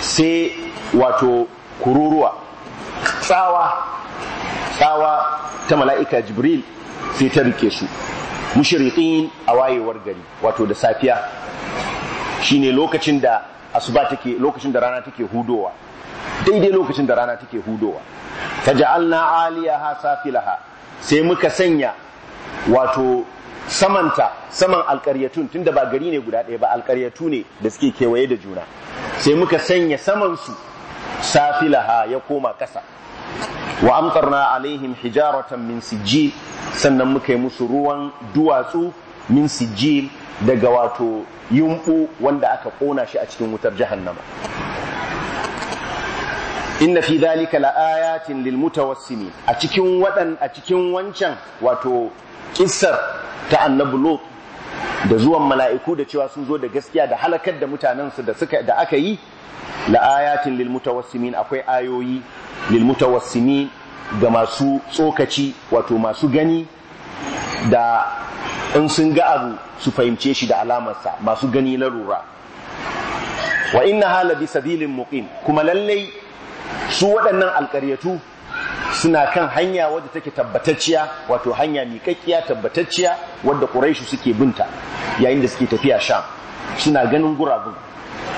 sai wato kururuwa tsawa tsawa ta mala'ika jibril sai ta rike su mushriqin a wayewar gari wato da safiya shine lokacin da asuba take lokacin da rana take hudowa daidai lokacin da rana take hudowa ta faja'alna aliyaha safilaha sai muka sanya wato samanta saman alkaryatun tunda ba gari ne guda ɗaya ba alkaryatu ne da suke kewaye da juna sai muka sanya samansu safilaha ya koma ƙasa wa amtarna alaihim hijaratan min sijil sannan muka yi musu ruwan duwatsu min sijil daga wato yumbu wanda aka kona shi a cikin wutar jahannama inna fi dhalika laayatin lil a cikin wadan a cikin wancan wato kissar ta annabi lut da zuwan mala'iku da cewa sun zo da gaskiya da halakar da mutanensu da suka da aka yi La'ayatin ayatin akwai ayoyi lil ga masu tsokaci wato masu gani da in sun ga abu su fahimce shi da alamarsa masu gani na rura wa inna halabi sabilin muqim kuma lallai su waɗannan alƙaryatu suna kan hanya wadda take tabbatacciya wato hanya miƙaƙƙiya tabbatacciya wadda ƙuraishu suke binta yayin da suke tafiya sha. suna ganin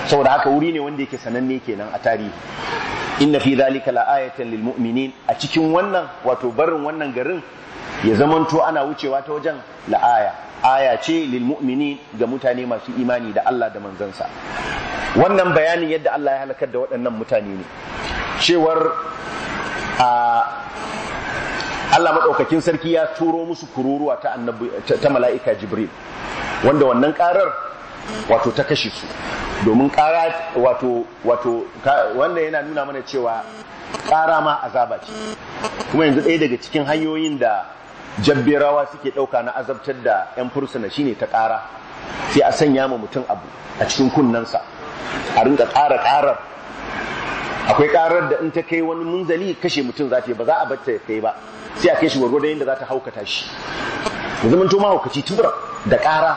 Sau saboda haka wuri ne wanda yake sananne kenan a tarihi inna fi zalika la'ayatan lil mu'minin a cikin wannan wato barin wannan garin ya zamanto ana wucewa ta wajen la'aya aya ce lil ga mutane masu imani da Allah da manzansa wannan bayanin yadda Allah ya halakar da waɗannan mutane ne cewar A Allah maɗaukakin sarki ya turo musu kururuwa ta annabi ta mala'ika Jibril wanda wannan ƙarar wato ta kashe su domin ƙara wato wato wanda yana nuna mana cewa ƙara ma azaba ce kuma yanzu ɗaya daga cikin hanyoyin da jabberawa suke ɗauka na azabtar da 'yan fursuna shine ta ƙara sai a sanya ma mutum abu a cikin kunnensa a rinka ƙara ƙarar akwai karar da in ta kai wani munzali kashe mutum za ta yi ba za a bar ta kai ba sai a kai shi da yadda za ta haukata shi da zama to mahaukaci tubura da kara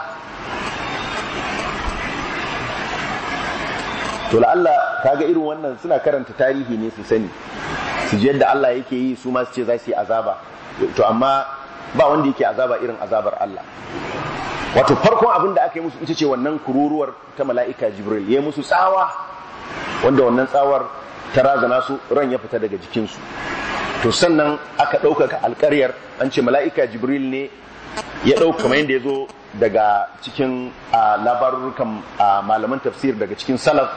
to la'alla ga irin wannan suna karanta tarihi ne su sani su ji yadda Allah yake yi su ma su ce za su yi azaba to amma ba wanda yake azaba irin azabar Allah wato farkon abin da aka yi musu ita ce wannan kururuwar ta mala'ika jibril ya musu tsawa wanda wannan tsawar ta razana su ran ya fita daga jikinsu to sannan aka ɗaukaka alƙaryar an ce mala'ika jibril ne ya ɗauka kamar yadda ya zo daga cikin labarurukan malaman tafsir daga cikin salaf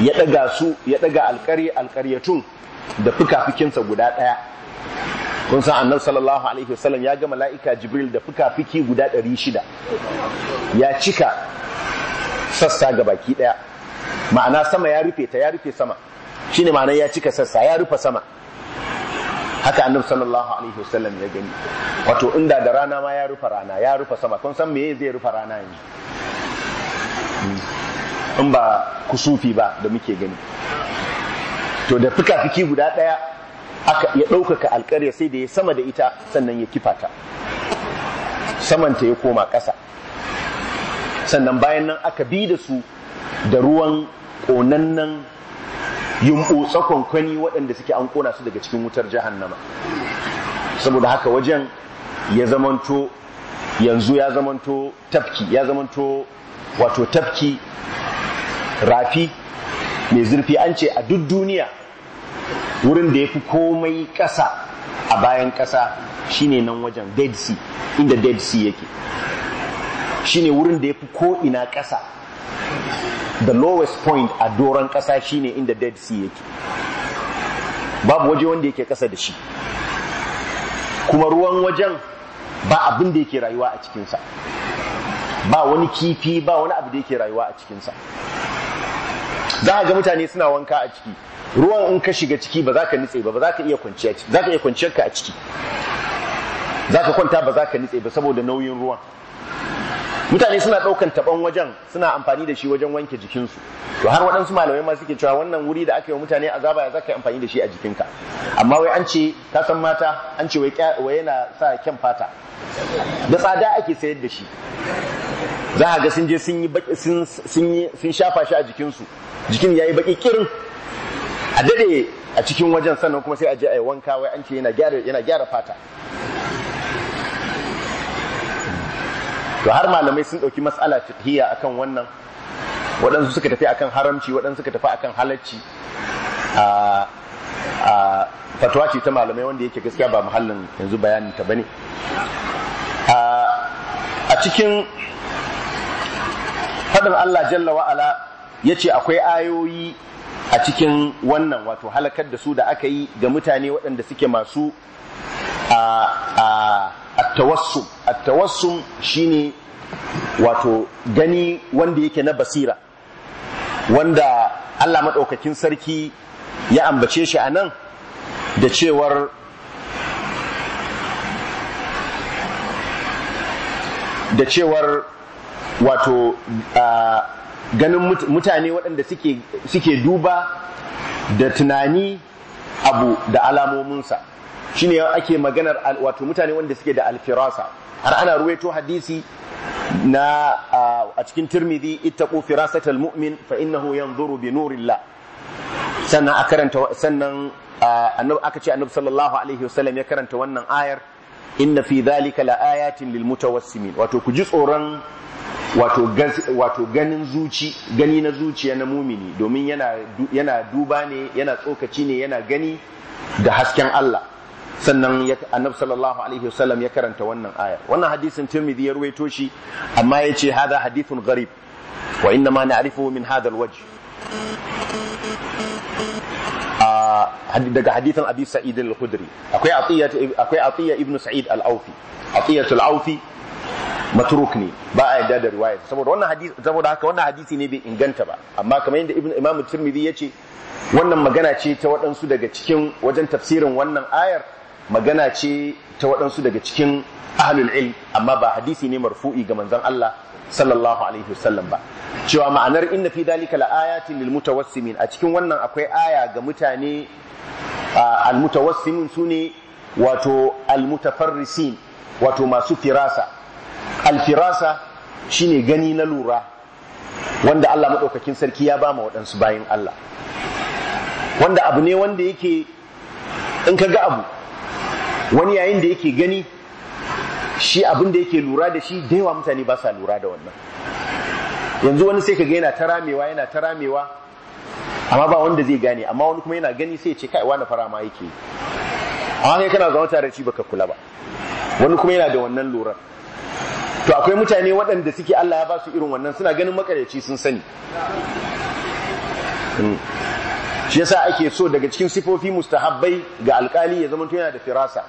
ya ɗaga su ya ɗaga alƙarya alƙaryatun da fikafikinsa guda ɗaya kun san annab sallallahu alaihi wasallam ya ga mala'ika jibril da fikafiki guda ɗari shida ya cika sassa ga baki ɗaya ma'ana sama ya rufe ta ya rufe sama shine ma'anar ya cika sassa ya rufa sama haka annabi sallallahu alaihi wasallam ya gani wato inda da rana ma ya rufa rana ya rufa sama kun san meye zai rufa rana ne in ba kusufi ba da muke gani to da fika-fiki guda daya aka ya ɗaukaka alƙarya sai da ya sama da ita sannan ya kifa ta samanta ya koma ƙasa sannan bayan nan aka bi da su da ruwan ƙonannen yumɓu tsakonkwani waɗanda suke an ƙona su daga cikin wutar jahannama saboda haka wajen ya zamanto yanzu ya zamanto tafki ya zamanto wato tafki rafi mai zurfi an ce a duk duniya wurin da ya fi komai ƙasa a bayan ƙasa shine nan wajen dead sea inda dead sea yake shine wurin da ya fi ko'ina ƙasa the lowest point a doron ƙasa shine inda dead sea yake babu waje wanda yake kasa da shi kuma ruwan wajen ba abin da yake rayuwa a cikinsa ba wani kifi ba wani abu da yake rayuwa a cikinsa za a ga mutane suna wanka a ciki ruwan in ka shiga ciki ba za ka nitse ba za ka iya kwanciyar ka a ciki za ka kwanta ba za ka nitse ba saboda nauyin ruwan mutane suna ɗaukan taɓon wajen suna amfani da shi wajen wanke jikinsu to har waɗansu malamai ma suke cewa wannan wuri da aka yi wa mutane azaba ya zaka yi amfani da shi a jikinka amma wai an ce ka san mata an ce wai yana sa kyan fata da tsada ake sayar da shi za a ga sun je sun yi sun shafa shi a jikinsu jikin yayi yi baƙi kirin a daɗe a cikin wajen sannan kuma sai a je a yi wanka wai an ce yana gyara fata to har malamai sun ɗauki matsala fiqhiyya akan wannan waɗansu suka tafi akan haramci waɗansu suka tafi akan halacci a a fatwa ce ta malamai wanda yake gaskiya ba muhallin yanzu bayanin ta bane a cikin faɗin Allah jalla wa'ala ya ce akwai ayoyi a cikin wannan wato halakar da su da aka yi ga mutane waɗanda suke masu a at-tawassum at shine wato gani wanda yake na basira wanda Allah maɗaukakin sarki ya ambace shi a da cewar da cewar wato ganin mutane waɗanda suke duba da tunani abu da alamominsa shine ake maganar wato mutane wanda suke da alfirasa har ana ruwaito hadisi na a cikin tirmidhi ittaqu firasatal mu'min fa innahu yanzuru bi nurillah sannan a karanta sannan aka ce annabi sallallahu alaihi wasallam ya karanta wannan ayar inna fi dhalika la ayatin lil mutawassimin wato ku ji tsoron wato ganin zuci gani na zuciya na mumini domin yana duba ne yana tsokaci ne yana gani da hasken Allah sannan annabi sallallahu alaihi wasallam ya karanta wannan aya wannan hadisin tirmidhi ya ruwaito shi amma yace hada hadha hadithun gharib wa inna ma na'rifuhu min hadha alwajh ah, daga hadithan abi sa'id al-khudri akwai atiya akwai atiya ibnu sa'id al-awfi atiya al-awfi Matrukni ba a yadda da riwaya saboda wannan hadisi saboda haka wannan hadisi ne bai inganta ba amma kamar yadda ibnu imam tirmidhi yace wannan magana ce ta waɗansu daga cikin wajen tafsirin wannan ayar magana ce ta waɗansu daga cikin ahlul ilm amma ba hadisi ne marfu'i ga manzon Allah sallallahu alaihi wasallam ba cewa ma'anar inna fi dalika ayatin lil mutawassimin a cikin wannan akwai aya ga mutane al mutawassimin sune wato al mutafarrisin wato masu firasa al firasa shine gani na lura wanda Allah madaukakin sarki ya ba ma waɗansu bayin Allah wanda abu ne wanda yake in ka ga abu wani yayin da yake gani shi abin da yake lura da shi da yawa mutane ba sa lura da wannan yanzu wani sai ka ga yana ta ramewa yana ta ramewa amma ba wanda zai gane amma wani kuma yana gani sai ce kai wani fara ma yake amma kai kana zama tare da shi baka kula ba wani kuma yana da wannan lura to akwai mutane waɗanda suke Allah ya ba su irin wannan suna ganin makaryaci sun sani hmm. shi yasa ake so daga cikin sifofi mustahabbai ga alkali ya zama yana da firasa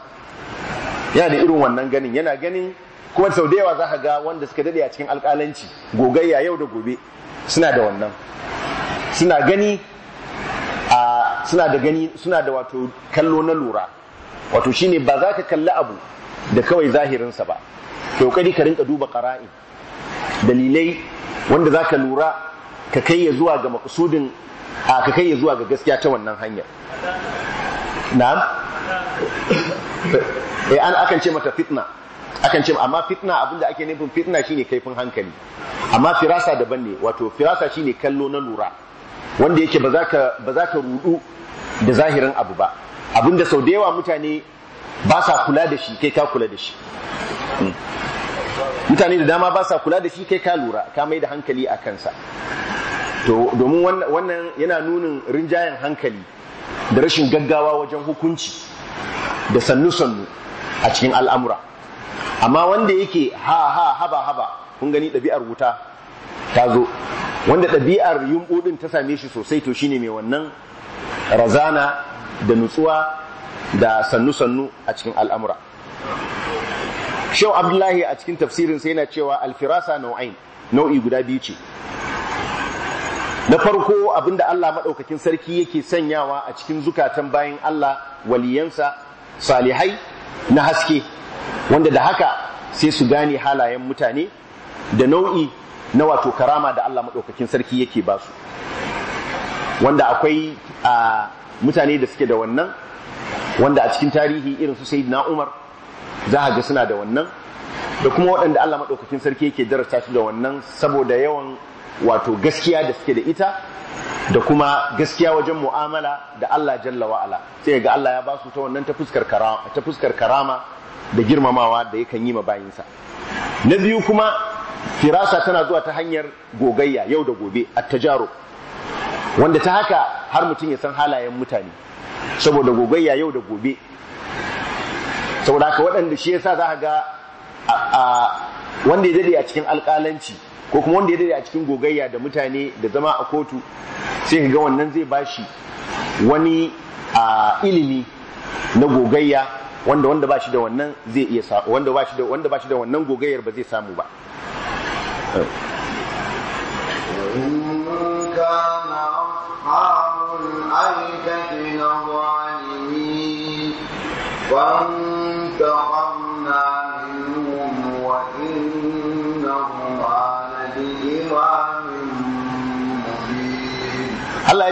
yana da irin wannan ganin yana ganin kuma sau da yawa za ka ga wanda suka daɗe a cikin alkalanci gogayya yau da gobe suna da wannan suna gani a suna da gani suna da wato kallo na lura wato shine ba za ka kalli abu da kawai zahirinsa ba to ka rinka duba ƙara'in, dalilai wanda za ka lura ka kai ya zuwa ga makusudin a ka kai ya zuwa ga gaskiya ta wannan hanyar na'am eh an akan ce mata fitna akan ce amma fitna abinda ake nufin fitna shine kaifin hankali amma firasa daban ne wato firasa shine kallo na lura wanda yake ba za ka ba za ka rudu da zahirin abu ba abinda sau da yawa mutane ba sa kula da shi kai ka kula da shi hmm. mutane da dama ba sa kula da shi kai ka lura ka mai da hankali a kansa to domin wannan yana nunin rinjayen hankali da rashin gaggawa wajen hukunci da sannu-sannu a cikin al'amura amma wanda yake ha ha haba haba kun gani ɗabi'ar wuta ta zo wanda ɗabi'ar yumɓuɗin ta same shi sosai to shine mai wannan razana da nutsuwa da sannu-sannu a cikin al'amura Sha'u Abdullahi a cikin tafsirin sai yana cewa alfirasa nau'ain nau'i guda biyu ce na farko abinda Allah maɗaukakin sarki yake sanyawa a cikin zukatan bayan Allah waliyansa salihai na haske wanda da haka sai su gane halayen mutane da nau'i na wato karama da Allah maɗaukakin sarki yake ba su wanda akwai a mutane da suke da wannan wanda a cikin tarihi irin su sayyidina Umar za ga suna da wannan da kuma waɗanda Allah maɗaukakin sarki yake darasta su da wannan saboda yawan wato gaskiya da suke da ita da kuma gaskiya wajen mu'amala da Allah jalla wa'ala sai ga Allah ya ba su ta wannan ta fuskar karama da girmamawa da yakan yi ma bayinsa na biyu kuma firasa tana zuwa ta hanyar gogayya yau da gobe attajaro wanda ta haka har mutum ya san halayen mutane saboda gogayya yau da gobe saboda haka waɗanda shi yasa za a ga wanda ya dade a cikin alƙalanci ko kuma wanda ya dade a cikin gogayya da mutane da zama a kotu sai ka ga wannan zai bashi wani ilimi na gogayya wanda wanda ba shi da wannan zai iya sa wanda shi da wanda shi da wannan gogayyar ba zai samu ba وَإِن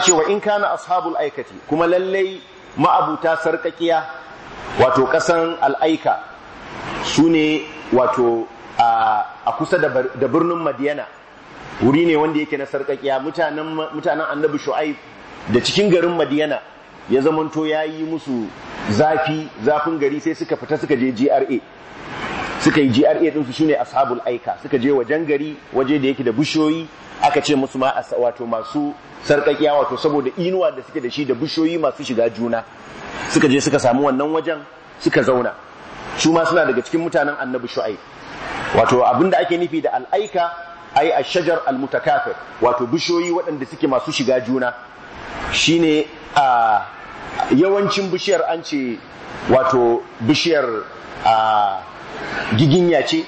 ce wa in kana ashabul aikati kuma lallai ma'abuta sarkakiya wato kasan al'aika su ne wato a kusa da birnin madiyana wuri ne wanda yake na sarkakiya mutanen annabi shu'aib da cikin garin madiyana ya zamanto ya yi musu zafi zafin gari sai suka fita suka je GRA suka yi GRA ɗinsu su shine ashabul aika suka je wajen gari waje da yake da bishiyoyi. aka ce musu ma wato masu sarƙaƙiya wato saboda inuwa da suke da shi da bishiyoyi masu shiga juna suka je suka samu wannan wajen suka zauna su ma suna daga cikin mutanen annabi shu'aib wato da ake nufi da al'aika ai ashajar almutakafir wato bishiyoyi waɗanda suke masu shiga juna shine a yawancin bishiyar an ce wato bishiyar a giginya ce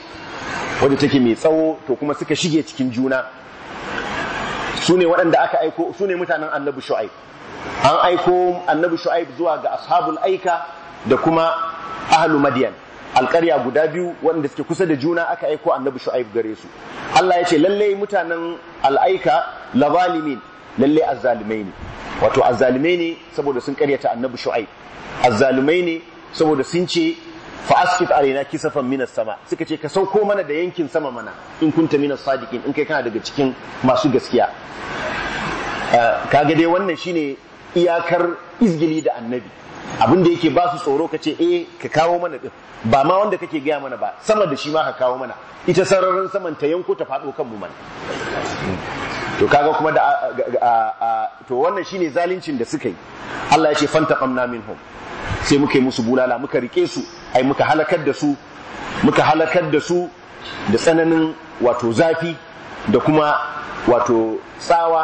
wadda take mai tsawo to kuma suka shige cikin juna su ne waɗanda aka aiko su ne mutanen annabi shu'aib an aiko annabi shu'aib zuwa ga ashabul aika da kuma ahlu madiyan alƙarya guda biyu waɗanda suke kusa da juna aka aiko annabi shu'aib gare su Allah ya ce lalle mutanen al'aika lazalimin lalle azzalimai ne wato azzalimai ne saboda sun ƙaryata annabi shu'aib azzalimai ne saboda sun ce fa asqit alaina kisafan minas sama suka ce ka sauko mana da yankin sama mana in kunta minas sadiqin in kai kana daga cikin masu gaskiya eh, kaga dai wannan shine iyakar izgili da annabi abin da yake ba su tsoro kace ce eh ka kawo mana din ba ma wanda kake gaya mana ba sama da shi ma ka kawo mana ita sararin saman ta yanko ta faɗo kanmu mana to kaga kuma da to wannan shine zaluncin da suka yi Allah ya ce fantaqamna minhum sai muka musu bulala muka rike su ai muka halakar da su muka halakar da su da tsananin wato zafi da kuma wato tsawa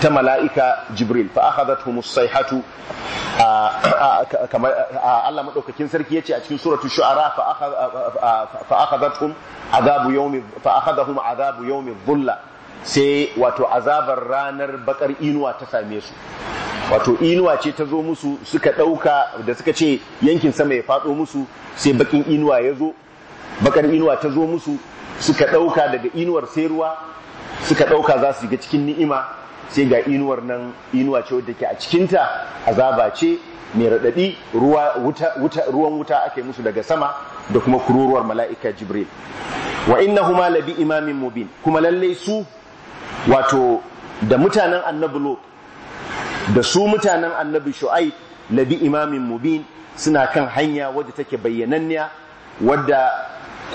ta mala'ika jibril fa akhadathum as-sayhatu kamar Allah madaukakin sarki yace a cikin suratul shu'ara fa akhadathum adabu yawmi fa akhadahum adabu yawmi dhulla sai wato azabar ranar bakar inuwa ta same su wato inuwa ce ta zo musu suka ɗauka da suka ce yankin sama ya faɗo musu sai bakin inuwa ya zo bakar inuwa ta zo musu suka ɗauka daga inuwar sai ruwa suka ɗauka za su ga cikin ni'ima sai ga inuwar nan inuwa ce wadda ke a cikinta azaba ce mai raɗaɗi ruwan wuta ake musu daga sama da kuma kururuwar mala'ika jibril wa innahuma labi imamin mubin kuma lallai su wato da mutanen annabi lot da su mutanen annabi shu'aib labi imamin mubin suna kan hanya wadda take bayyananniya wadda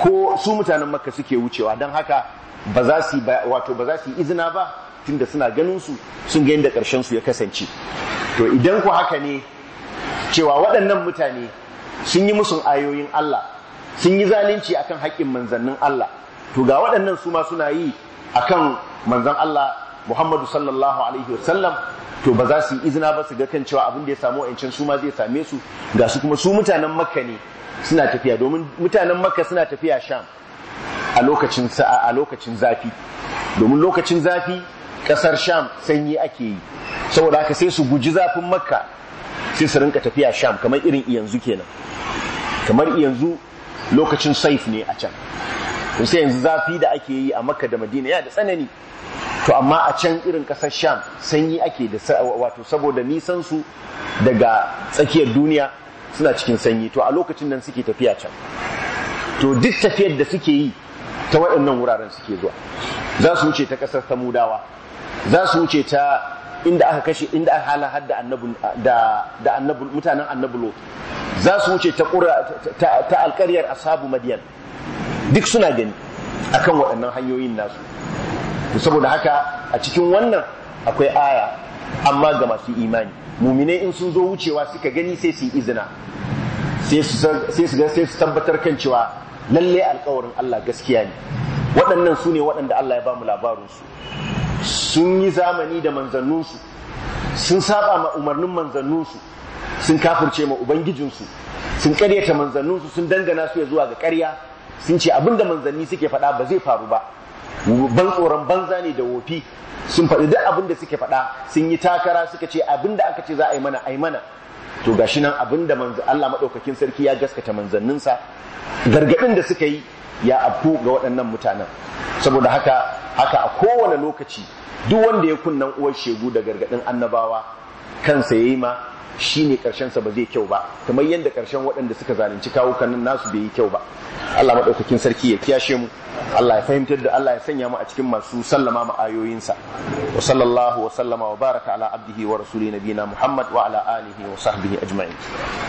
ko su mutanen makka suke wucewa don haka ba za su wato ba za su yi izina ba tunda suna ganin su sun ga da karshen su ya kasance to idan ku haka ne cewa waɗannan mutane sun yi musu ayoyin Allah sun yi zalunci akan haƙƙin manzannin Allah to ga waɗannan su ma suna yi akan manzon Allah Muhammadu sallallahu alaihi wasallam to ba za su yi izina ba su ga kan cewa abin da ya samu yancin su ma zai same su ga su kuma su mutanen makka ne suna tafiya domin mutanen makka suna tafiya sham a lokacin sa'a a lokacin zafi domin lokacin zafi kasar sham sanyi ake yi saboda haka sai su guji zafin makka sai su rinka tafiya sham kamar irin yanzu kenan kamar yanzu lokacin saif ne a can to sai yanzu zafi da ake yi a makka da madina ya da tsanani to amma a can irin kasar sham sanyi ake da wato saboda nisan su daga tsakiyar duniya suna cikin sanyi to a lokacin nan suke tafiya can to duk tafiyar da suke yi ta waɗannan wuraren suke zuwa za su wuce ta ƙasar tamudawa za su wuce ta inda aka kashe inda aka halahar da da da mutanen annabulo za su wuce ta ta asabu madiyan duk suna gani akan waɗannan hanyoyin nasu saboda haka a cikin wannan akwai aya amma ga masu imani muminai in sun zo wucewa suka gani sai su yi izina sai su tabbatar kan cewa lalle alkawarin Allah gaskiya ne waɗannan su ne waɗanda Allah ya ba mu labarinsu sun yi zamani da manzanninsu sun saba ma umarnin manzanninsu sun kafirce ma ubangijinsu sun ƙaryata manzanninsu sun dangana su ya zuwa ga karya. sun ce abinda manzanni suke faɗa ba zai faru ba ban tsoron banza ne da wofi sun faɗi duk abin da suke faɗa sun yi takara suka ce abinda aka ce za a yi mana a yi mana to gashi nan abin da Allah maɗaukakin sarki ya gaskata manzanninsa gargaɗin da suka yi ya afku ga waɗannan mutanen saboda haka haka a kowane lokaci duk wanda ya kunnan uwar shegu da gargaɗin annabawa kansa ya yi ma shi ne sa ba zai kyau ba kamar yadda ƙarshen waɗanda suka zalunci kawukan nan nasu bai yi kyau ba Allah maɗaukakin sarki ya kiyashe mu Allah ya fahimtar da Allah ya sanya mu a cikin masu sallama ma ayoyinsa wa sallallahu wa sallama wa baraka ala abdihi wa rasuli nabina Muhammad wa ala alihi wa sahbihi ajma'in